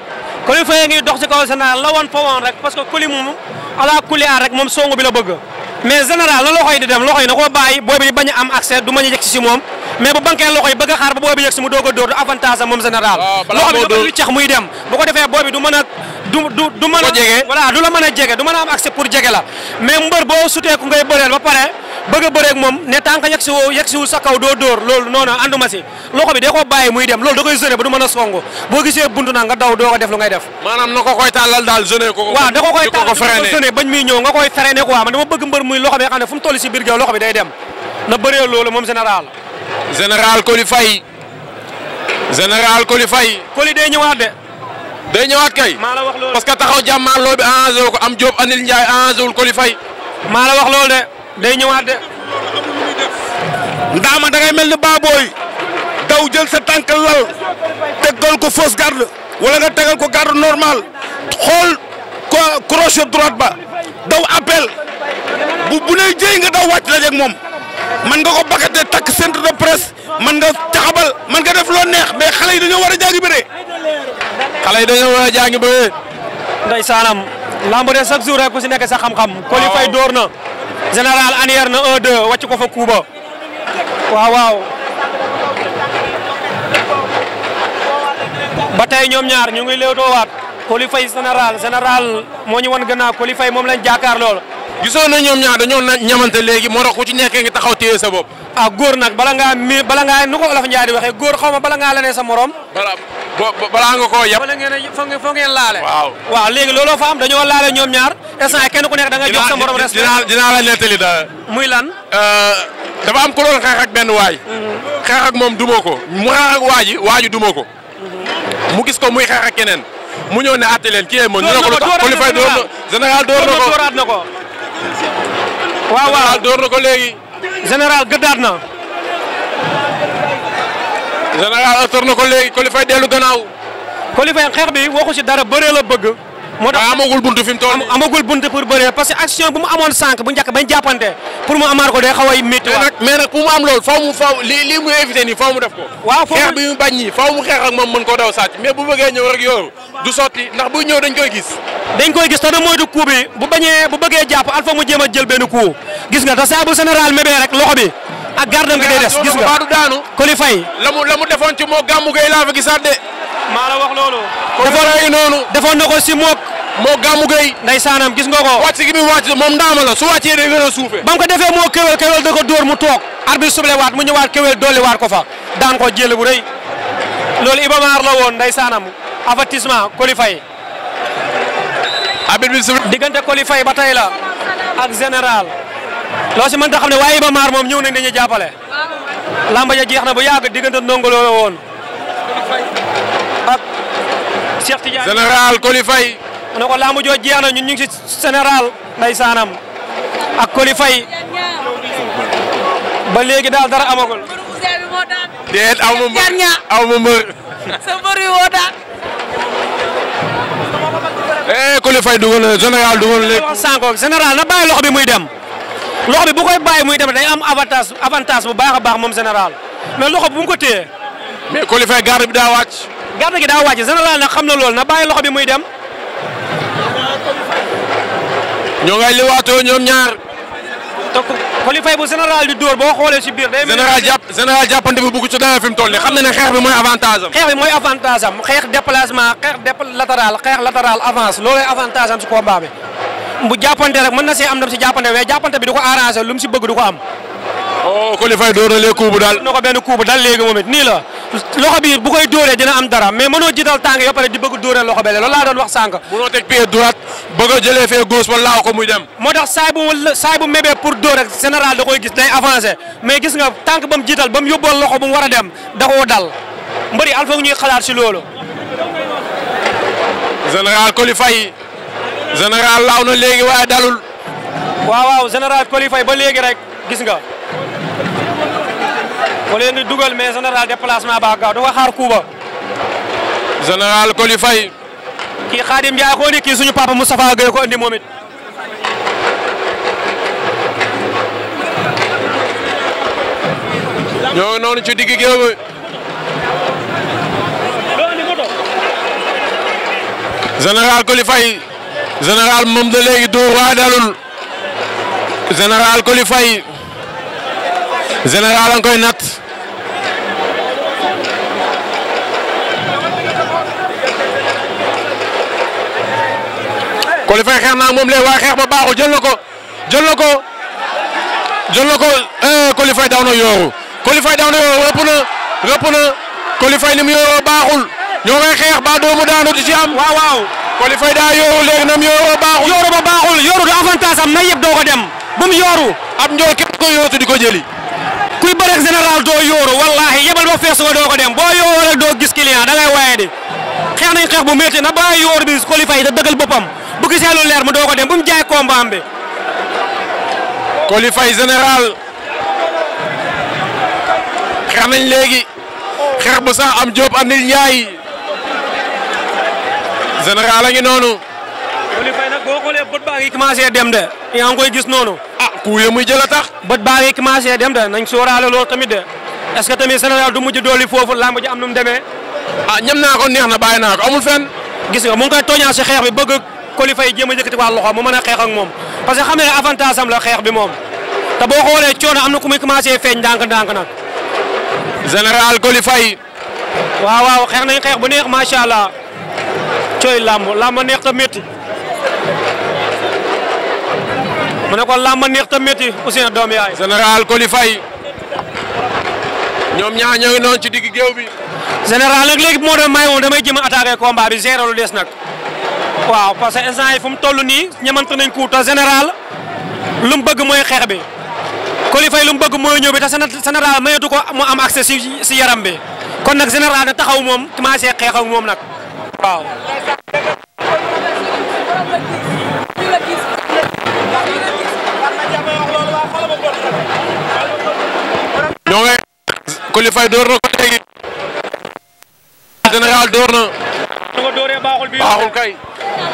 Coly Faye a ngi dox ci kaw général la woon fa woon rek parce que Coly moom ala Coly rek moom songu bi la bëgg. mais général na loxo yi di dem loxo yi na koo bàyyi booy bi bañ a am accès du mañ a yegg si si moom mais bu banquee loxo yi bëgg a xaar ba booy bi mu doog a dóor du avantage am général ah, loxo bi dafa cax muy dem bu ko defee booy bi du mën a du boo sutee ku ngay bëreel ba doo dóor loolu noonu ànduma si loxo da koo bàyyi muy dem loolu ba du mën a songu boo gisee buntu na ko def lu ngay def maanaam na ko koy tàllal daal jeune ko da ko koy tàllal jeune bañ muy ñëw nga koy muy loxo bi xam ne fu mu toll si biir géew loxo bi day dem na bëree loolu moom général. général Coly général Coly Faye. Coly day ñëwaat de. day ñëwaat kay. maa parce que taxaw jàmmaarloo bi enjeu ko am wax loolu de day ñëwaat de. ndaama da mel ni baabooy daw jël sa tànk lal tegal ko fausse garde wala nga tegal ko garde normal xool ko droite ba daw appel bu bu ne jëy nga daw moom man nga ko bakkate takk centre de presse man nga taxabal man nga def loo neex mais xale yi dañoo war a jàngi ba xale yi a jàngi bëree. saanam lamb de chaque jour rek ku si nekk sa xam-xam. waaw Coly door na. général anière na 1 2 wàcc ko fa Kuuba. waaw waaw. ba ñoom ñaar ñu ngi léewtoowaat Coly Faye général général moo ñu wan gannaaw Coly moom lañ jàkkaar lool gisoo na ñoom ñaar dañoo ñamante léegi moo tax ku ci nekkee ngi taxaw téye sa bopp. ah góor nag bala ngaa bala ngaa nu ko olof Ndiaye di waxee góor xaw ma bala ngaa lanee sa morom. balaa nga koo yab. wala a foo ngeen foo ngeen laale. waaw waaw léegi looloo fa am dañoo laale ñoom ñaar instant kenn ku nekk da nga jox sa morom. respect dinaa dinaa la nettali dara. muy lan. Euh, dafa am ku doon xeex benn waay. Mm-hmm. xeex ak moom duma ko mu xeex ak waa ji waa ji duma ko. Mm-hmm. mu gis ko muy xeex ak keneen. mu ñëw ne àtte leen kii ay moom. ñu ne ko waaw waaw door na ko léegi. général gëddaat na. général door na ko léegi Coly Faye dellu gannaaw. Coly Faye xeex bi waxu ci dara bëree la bëgg. moo tax amagul buntu fi mu toll amagul buntu pour bëree parce que action bu mu amoon sànq bu njëkk bañ jàppante pour mu amaar ko day xaw a métti mais nag mais nag pour mu am loolu faw mu faw lii lii muy nii faw mu def ko waaw xeex bi mu bañ ñi faw mu xeex ak moom mën koo daw sàcc mais bu bëggee ñëw rek yooru du sotti ndax buy ñëw dañ koy gis dañ koy gis dana moytu coup bi bu bañee bu bëggee jàpp alfa mu jéem a jël benn coup gis nga te saa bu général mébee rek loxo bi ak gardam gi day des gis nga daanu Coly la mu la mu defoon ci moo gàmmu gay laa fa gisaat de maa la wax loolu defoon noonu defoon na ko si mook moo gàmmu gay ndeysaanam gis nga ko wàcc gi muy wàcc a suufe ba mu ko defee moo kéwél kéwél da ko dóor mu toog arbitre sublewaat mu ñëwaat kéwél dolli waat ko fa daan ko jël bu rëy loolu Iba Mar la woon ndeysaanam avertissement Coly Faye abit bi su diggante Coly Faye ba tey la ak général loo si mën xam ne waaye Iba Maar moom ñëw nañ dañuy jàppale lamba ja jeex na bu yàgg diggante ndongolo la woon ak Cheikh Tidiane général Coly Faye ne ko lamb jeex na ñun ñu ngi si général nday saanam ak Coly Faye ba léegi daal dara amagul déet aw aw ma eh Coly Faye dugal na eh, général dugal na na bàyyi loxo bi muy dem loxo bi bu koy bàyyi muy dem day am avantage avantage bu baax a baax moom général mais loxo bi bu mu ko téye. mais Coly Faye garde bi daa wàcc. garde gi daa wàcc général nag xam na loolu na bàyyi loxo bi muy dem. ñoo ngay liwaatoo ñoom ñaar. Coly Faye bu général di dóor boo xoolee si biir day. général jàpp général jàppante bi bugg ci dara fi mu toll nii xam na ne xeex bi mooy avantage am. bi mooy avantage am déplacement xeex latéral xeex latéral avance loolooy avantage si combat bi bu jàppante rek mën na see am ndam si jàppante mais jàppante bi du ko arrangé lu mu si bëgg du ko am. oh Coly Faye dóor na lee coup bu daal. nii la loxo bi bu koy dóoree dina am dara mais mënoo jiital tànk yi ba di bëgg dóoree loxo bele loolu laa doon wax sànq. mënoo teg pied droite bëgg a jëlee fee gauche wala laaw ko muy dem. moo tax saay bu saay bu mébee pour dóor rek da koy gis day avancé mais gis nga tànk ba mu jiital ba mu yóbboon loxo bu mu war a dem da koo dal mbëri al foog ñuy xalaat si loolu. général Coly Faye général na léegi waaye dalul. waaw waaw général Coly ba léegi rek gis nga. ba leen dugal mais général déplacement ba gaaw dafa xaar kuuba. général Coly kii Khadim Ndiaye ko kii suñu papa Moustapha Gueye ko noonu ci digg géew bi. général Coly général moom da léegi dóor waa dalul. général Coly général a ngi koy natt Coly Faye xeex naa moom léegi waaye xeex ba baaxul jël na ko jël na ko jël na ko eh, Coly Faye daw na yooru Coly Faye xeex ba doomu daanu di ci am. waaw waaw Coly Faye daa yooru léegi na mu yooru baaxul yooru du avantage am na yëpp doo dem mu yooru. ab njool képp ko yootu di ko jëli. kuy bëreeg général doo yooru wallahi yebal ba fees nga dem boo yooroo rek doo gis client da ngay di xeex nañ xeex bu métti na bàyyi yooru bi Coly Faye da dëggal boppam bu gisee lu leer mu doo ko dem bu mu jaay combat bi. Coly général. xeex nañ léegi. xeex bu sax am Diop andil Ndiaye. général a ngi noonu. Coly Faye nag boo xoolee bët ngi dem de. yaa ngi koy gis noonu. a ah, ku muy jël a tax. bët baa ngi commencé dem de nañ sóoraale loolu tamit de. est-ce que tamit général du mujj dooli foofu lamb ji am nu mu demee. Ah, ñam naa ko neex na bàyyi naa ko amul fenn. gis nga mu ngi koy tooñaa xeex bi Coly Faye jéem a yëkkati waa loxo mu mën a xeex moom parce que xam ne avantage am xeex bi moom te boo xoolee coono am na ku muy commencé feeñ ndànk-ndànk nag. général Coly Faye. waaw waaw xeex nañ xeex bu neex macha allah cooy làmb làmb neex ta métti. mu ne ko ta métti Ousseynou doom yaay. général Coly ñoom ñaar ñoo ngi noonu ci digg géew bi. général nag léegi moo doon may woon damay jëm a attaqué combat bi gérer des nag. waaw parce que instant yi fu mu toll nii ñamante nañ ko te général lu mu bëgg mooy xeex bi Coly Faye lu bëgg mooy ñëw bi te général mayatu ko am accès si si yaram bi kon nag général na taxaw moom commencé xeex moom nag waaw. ñoo ngi Coly door na ko léegi général door na. baaxul kay.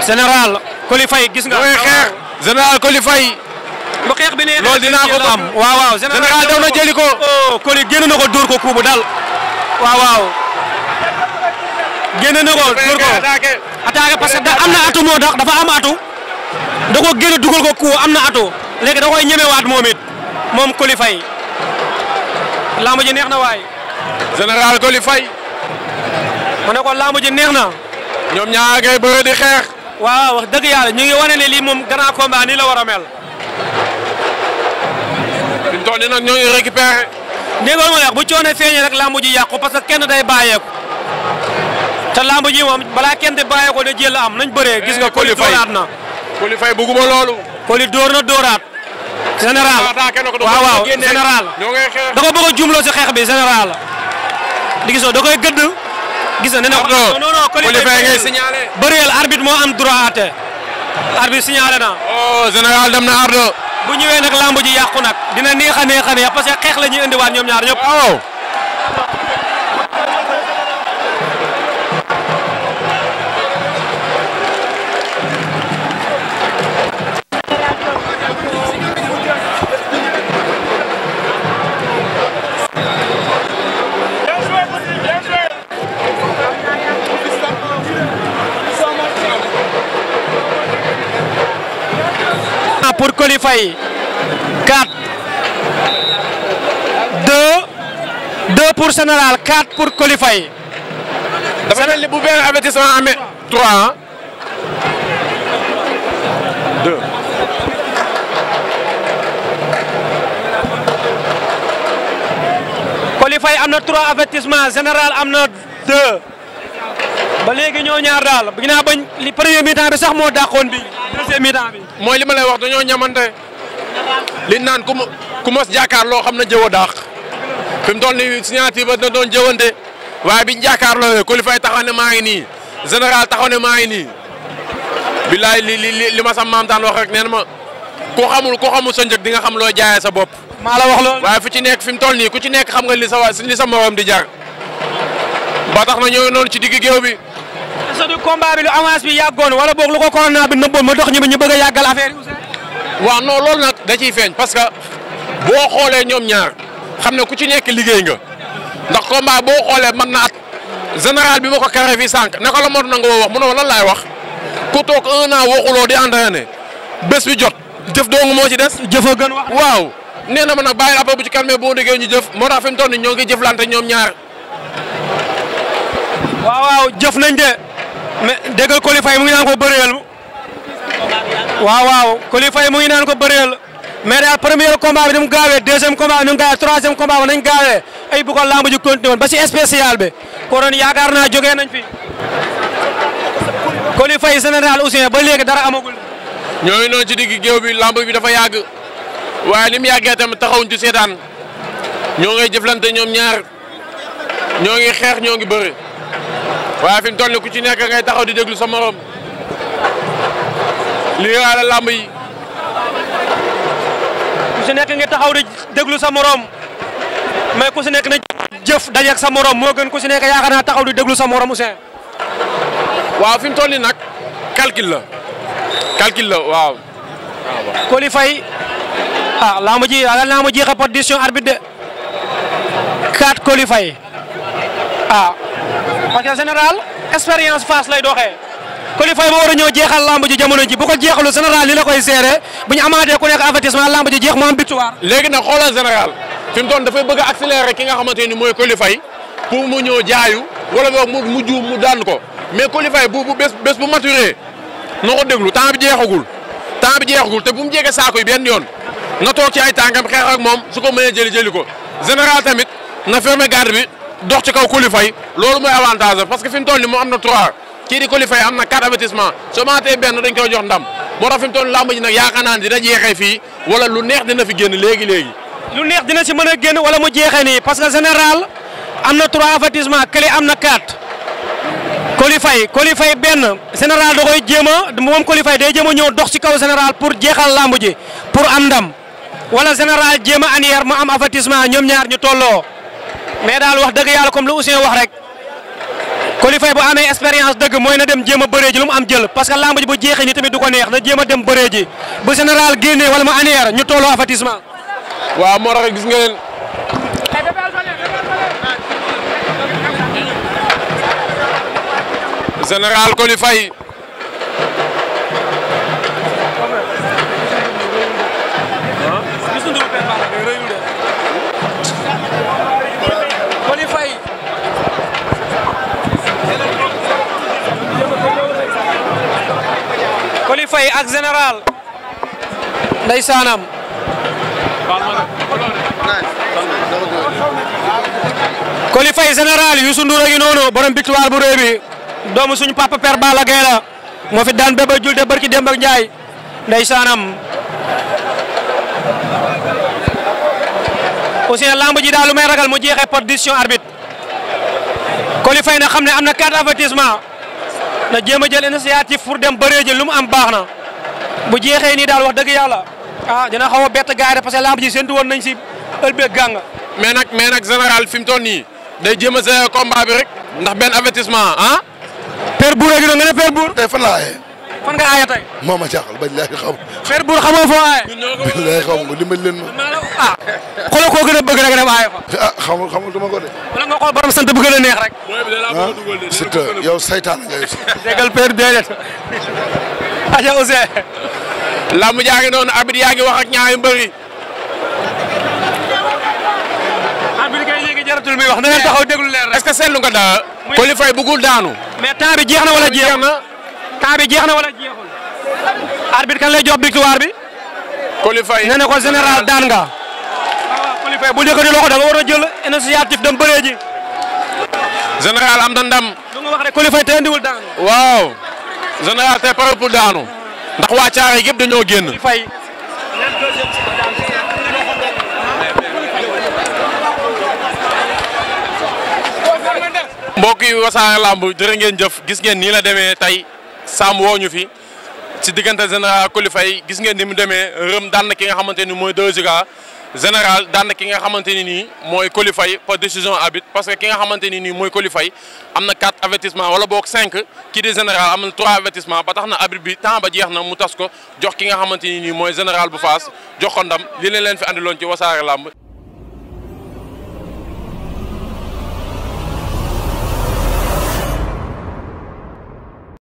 général Coly Faye gis nga. waaw xeex général Coly Faye. bu ko am waaw waaw général daw na jëli ko. Oh, Coly génn ko kuubu dal. waaw waaw. génn ko dóor ko attaqué parce que am na atu moo tax dafa am atu. da ko génn dugal ko kuu am na atu. léegi da koy ñemewaat moom it moom Coly Faye. lamb ji neex na waay. général Coly Faye. ne ko lamb ji neex na. ñoom ñaar ngay bëre di xeex. waaw wax dëgg yàlla ñu ngi wane ne lii moom grand combat la war a mel. fi mu toll nii nag ñoo ngi récupéré. déggoo ma wax bu coono feeñee rek lamb ji parce que kenn day bàyyeeku. te lamb ji moom balaa kenn di bàyyeekoo ne jël la am nañ bëree. gis nga eh, Coly dóoraat na Coly Faye bugguma loolu. Coly dóor na dóoraat. général waaw waaw général. da ko si xeex bi général. di gisoo da gëdd. gis na ne ko non non non colibé ngay signalé moo am droit àtte arbitre na oh général na ardo bu ñëwee nag lamb ji yàqu nag dina neex a neex a neex parce xeex la indiwaat ñoom ñaar ñëpp
Coly Faye 4
pour Général 4 pour Coly Faye. dafa mel ni bu benn avertissement amee 3 ah. am na 3 avertissement Général am na 2. ñoo ñaar daal bu ñu naan bañ li premier bi sax moo dàqoon bi mi-temps bi. mooy li ma lay wax dañoo ñamante li naan ku ma ku mos jàkkaarloo xam na jëw a daax fi mu toll nii signature ba dina doon jëwante waaye ko jàkkaarloo qualifié taxaw ne maa ngi nii général taxaw ne maa ngi nii. billaay li li ma sam maam daan wax rek nee na ma ku xamul ku xamul sa njëg di nga xam loo jaayee sa bopp. maa la wax loolu waaye fu ci nekk fi mu toll nii ku ci nekk xam nga li sa waa li sa di jar ba tax na ñëw noonu ci digg géew parce que combat bi lu avance bi yàggoon wala waaw nag da ciy feeñ parce que boo xoolee ñoom ñaar xam ne ku ci nekk liggéey nga ndax combat boo xoolee mën na at général bi ma ko carré fii sànq naka la mot na nga woo wax lan laay wax ku toog un an waxuloo di entraîné bés bi jot jëf dong moo ci des. jëf a wax waaw. nee na ma nag bàyyi après bu ci calmé boo déggee ñu jëf moo tax fi mu toll nii ñoo ngi jëflante ñoom ñaar. waaw waaw jëf nañ de. mais dégg nga mu ngi naan ko bëreel. waaw waaw Coly mu ngi naan ko bëreel. mais daal premier combat bi ni mu gaawee deuxième combat bi ni mu gaawee troisième combat bi nañ gaawee ay bu ko lamb ji ba si spécial bi. koroon yaakaar naa jogee nañ fi. Coly sénégal général Ousseyn ba léegi dara amagul. ñooñu noonu ci digg géew bi lamb bi dafa yàgg. waaye ni mu yàggee tamit taxawuñ ci seetaan. ñoo ngay jëflante ñoom ñaar. ñoo ngi xeex ñoo ngi bëri. waaye fi mu toll ku ci nekk ngay taxaw di déglu sa morom lii la làmb yi. ku si nekk nga taxaw di déglu sa moroom mais ku si nekk na jëf dajeeg sa morom moo gën ku si nekk yaakaar naa taxaw di déglu sa morom Ousseyn. waaw fi mu toll nii nag calcul la calcul la waaw. Coly ah làmb ji ragal naa ma jeex a position arbitre de 4 Coly ah. parce que général expérience face lay doxee. Coly Faye ma war a ñëw jeexal lamb ji jamono ji bu ko jeexalu général li la koy seere bu ñu amaatee ku nekk avertissement lamb ji jeex mu am victoire. léegi nag xoolal général fi dafay bëgg a accélérer ki nga xamante ni mooy Coly Faye pour mu ñëw jaayu wala boog mu mu juum mu daan ko mais Coly Faye bu bu bés bés bu maturé na ko déglu temps bi jeexagul. temps bi jeexagul te bu mu jege saako yi benn yoon na toog ci ay tànkam ak moom su ko mënee jëli jëli ko général tamit na fermer garde dox ci kaw Coly Faye loolu mooy avantage parce que fi mu toll nii moom am na 3 kii di Coly Faye am na 4 avertissement soo maatee benn dañ koy jox ndam moo tax fi mu toll nii làmb ji nag yaakaar dina jeexee fii wala lu neex dina fi génn léegi léegi. lu neex dina si mën a génn wala mu jeexee nii parce que général am na 3 avertissement kële am na kat Coly Faye Coly benn général da koy jéem a moom Coly Faye day jéem a ñëw dox ci kaw général pour jeexal làmb ji pour am wala général jéem a mu am avertissement ñoom ñaar ñu tolloo. mais daal wax dëgg yàlla comme lu Ousseyn wax rek Coly Faye bu amee expérience dëgg mooy na dem jéem a lu mu am jël parce que lamb ji bu jeexee ni tamit ko neex na jéem a dem bëree ji bu général génnee wala mu anéer ñu tolloo avertissement. waaw moo tax gis ngeen. général Coly Faye ak général ndeysaanam Coly Faye général Youssou Ndour a ngi noonu borom victoire bu réy bi doomu suñu papa père Balla Gaye la moo fi daan bébé jul de barki démb ak Njaay ndeysaanam aussi na lamb ji daal lu may ragal mu jeexee par décision arbitre Coly Faye na xam ne am na carte avertissement na jéem a jël initiative pour dem bëree jël lu mu am baax na bu jeexee nii daal wax dëgg yàlla ah dana xaw a bett gaar yi parce que lamb ji séntu woon nañ si ëllëg gànga. mais nag mais nag général fi mu toll nii day jéem a sa combat bi rek ndax benn avertissement ah. Père Bour a ngi doon nga ne Père Bour. tey fan nga aaye tey.
moo ma jaaxal bañ laay xam.
Père Bour xamoo foo aaye.
bañ laay xam nga dimbali leen ma. ah xooloo koo gën a bëgg rek dem aaye fa. ah xamul xamul dama ko de. wala nga xool borom sant bu gën a neex rek. ah surtout yow saytaan nga yow. déggal Père déedéet.
aja Ousseyn. Lamb jaa ngi noonu Abid yaa ngi wax ak ñaari mbër yi. Abid kay léegi jaratul muy wax na leen taxaw déglu leer rek. est-ce que seetlu nga daa. muy Coly Faye bëggul daanu. mais temps bi jeex na wala jeex na. temps jeex na wala jeexul. arbitre kan lay jox victoire bi. Coly Faye nee ko général daan nga. bu njëkk a loxo da war a jël initiative dem bëree ji. général am na ndam. te indiwul daanu. général te pare pour daanu. ndax waa Thiaroye yëpp dañoo génn. Coly wasaare lamb jërë ngeen jëf gis ngeen nii la demee tey. saam woo ñu fi ci diggante général Coly Faye gis ngeen ni mu demee rëm daan na ki nga xamante ni mooy deux giga général daan na ki nga xamante ni nii mooy Coly Faye par décision arbitre parce que ki nga xamante ni nii mooy Coly am na quatre avertissement wala boog cinq kii di général am na trois avertissement ba tax na arbitre bi temps ba jeex na mu tas ko jox ki nga xamante ni nii mooy général bu faas jox ko ndam li leen leen fi andiloon ci wasaare làmb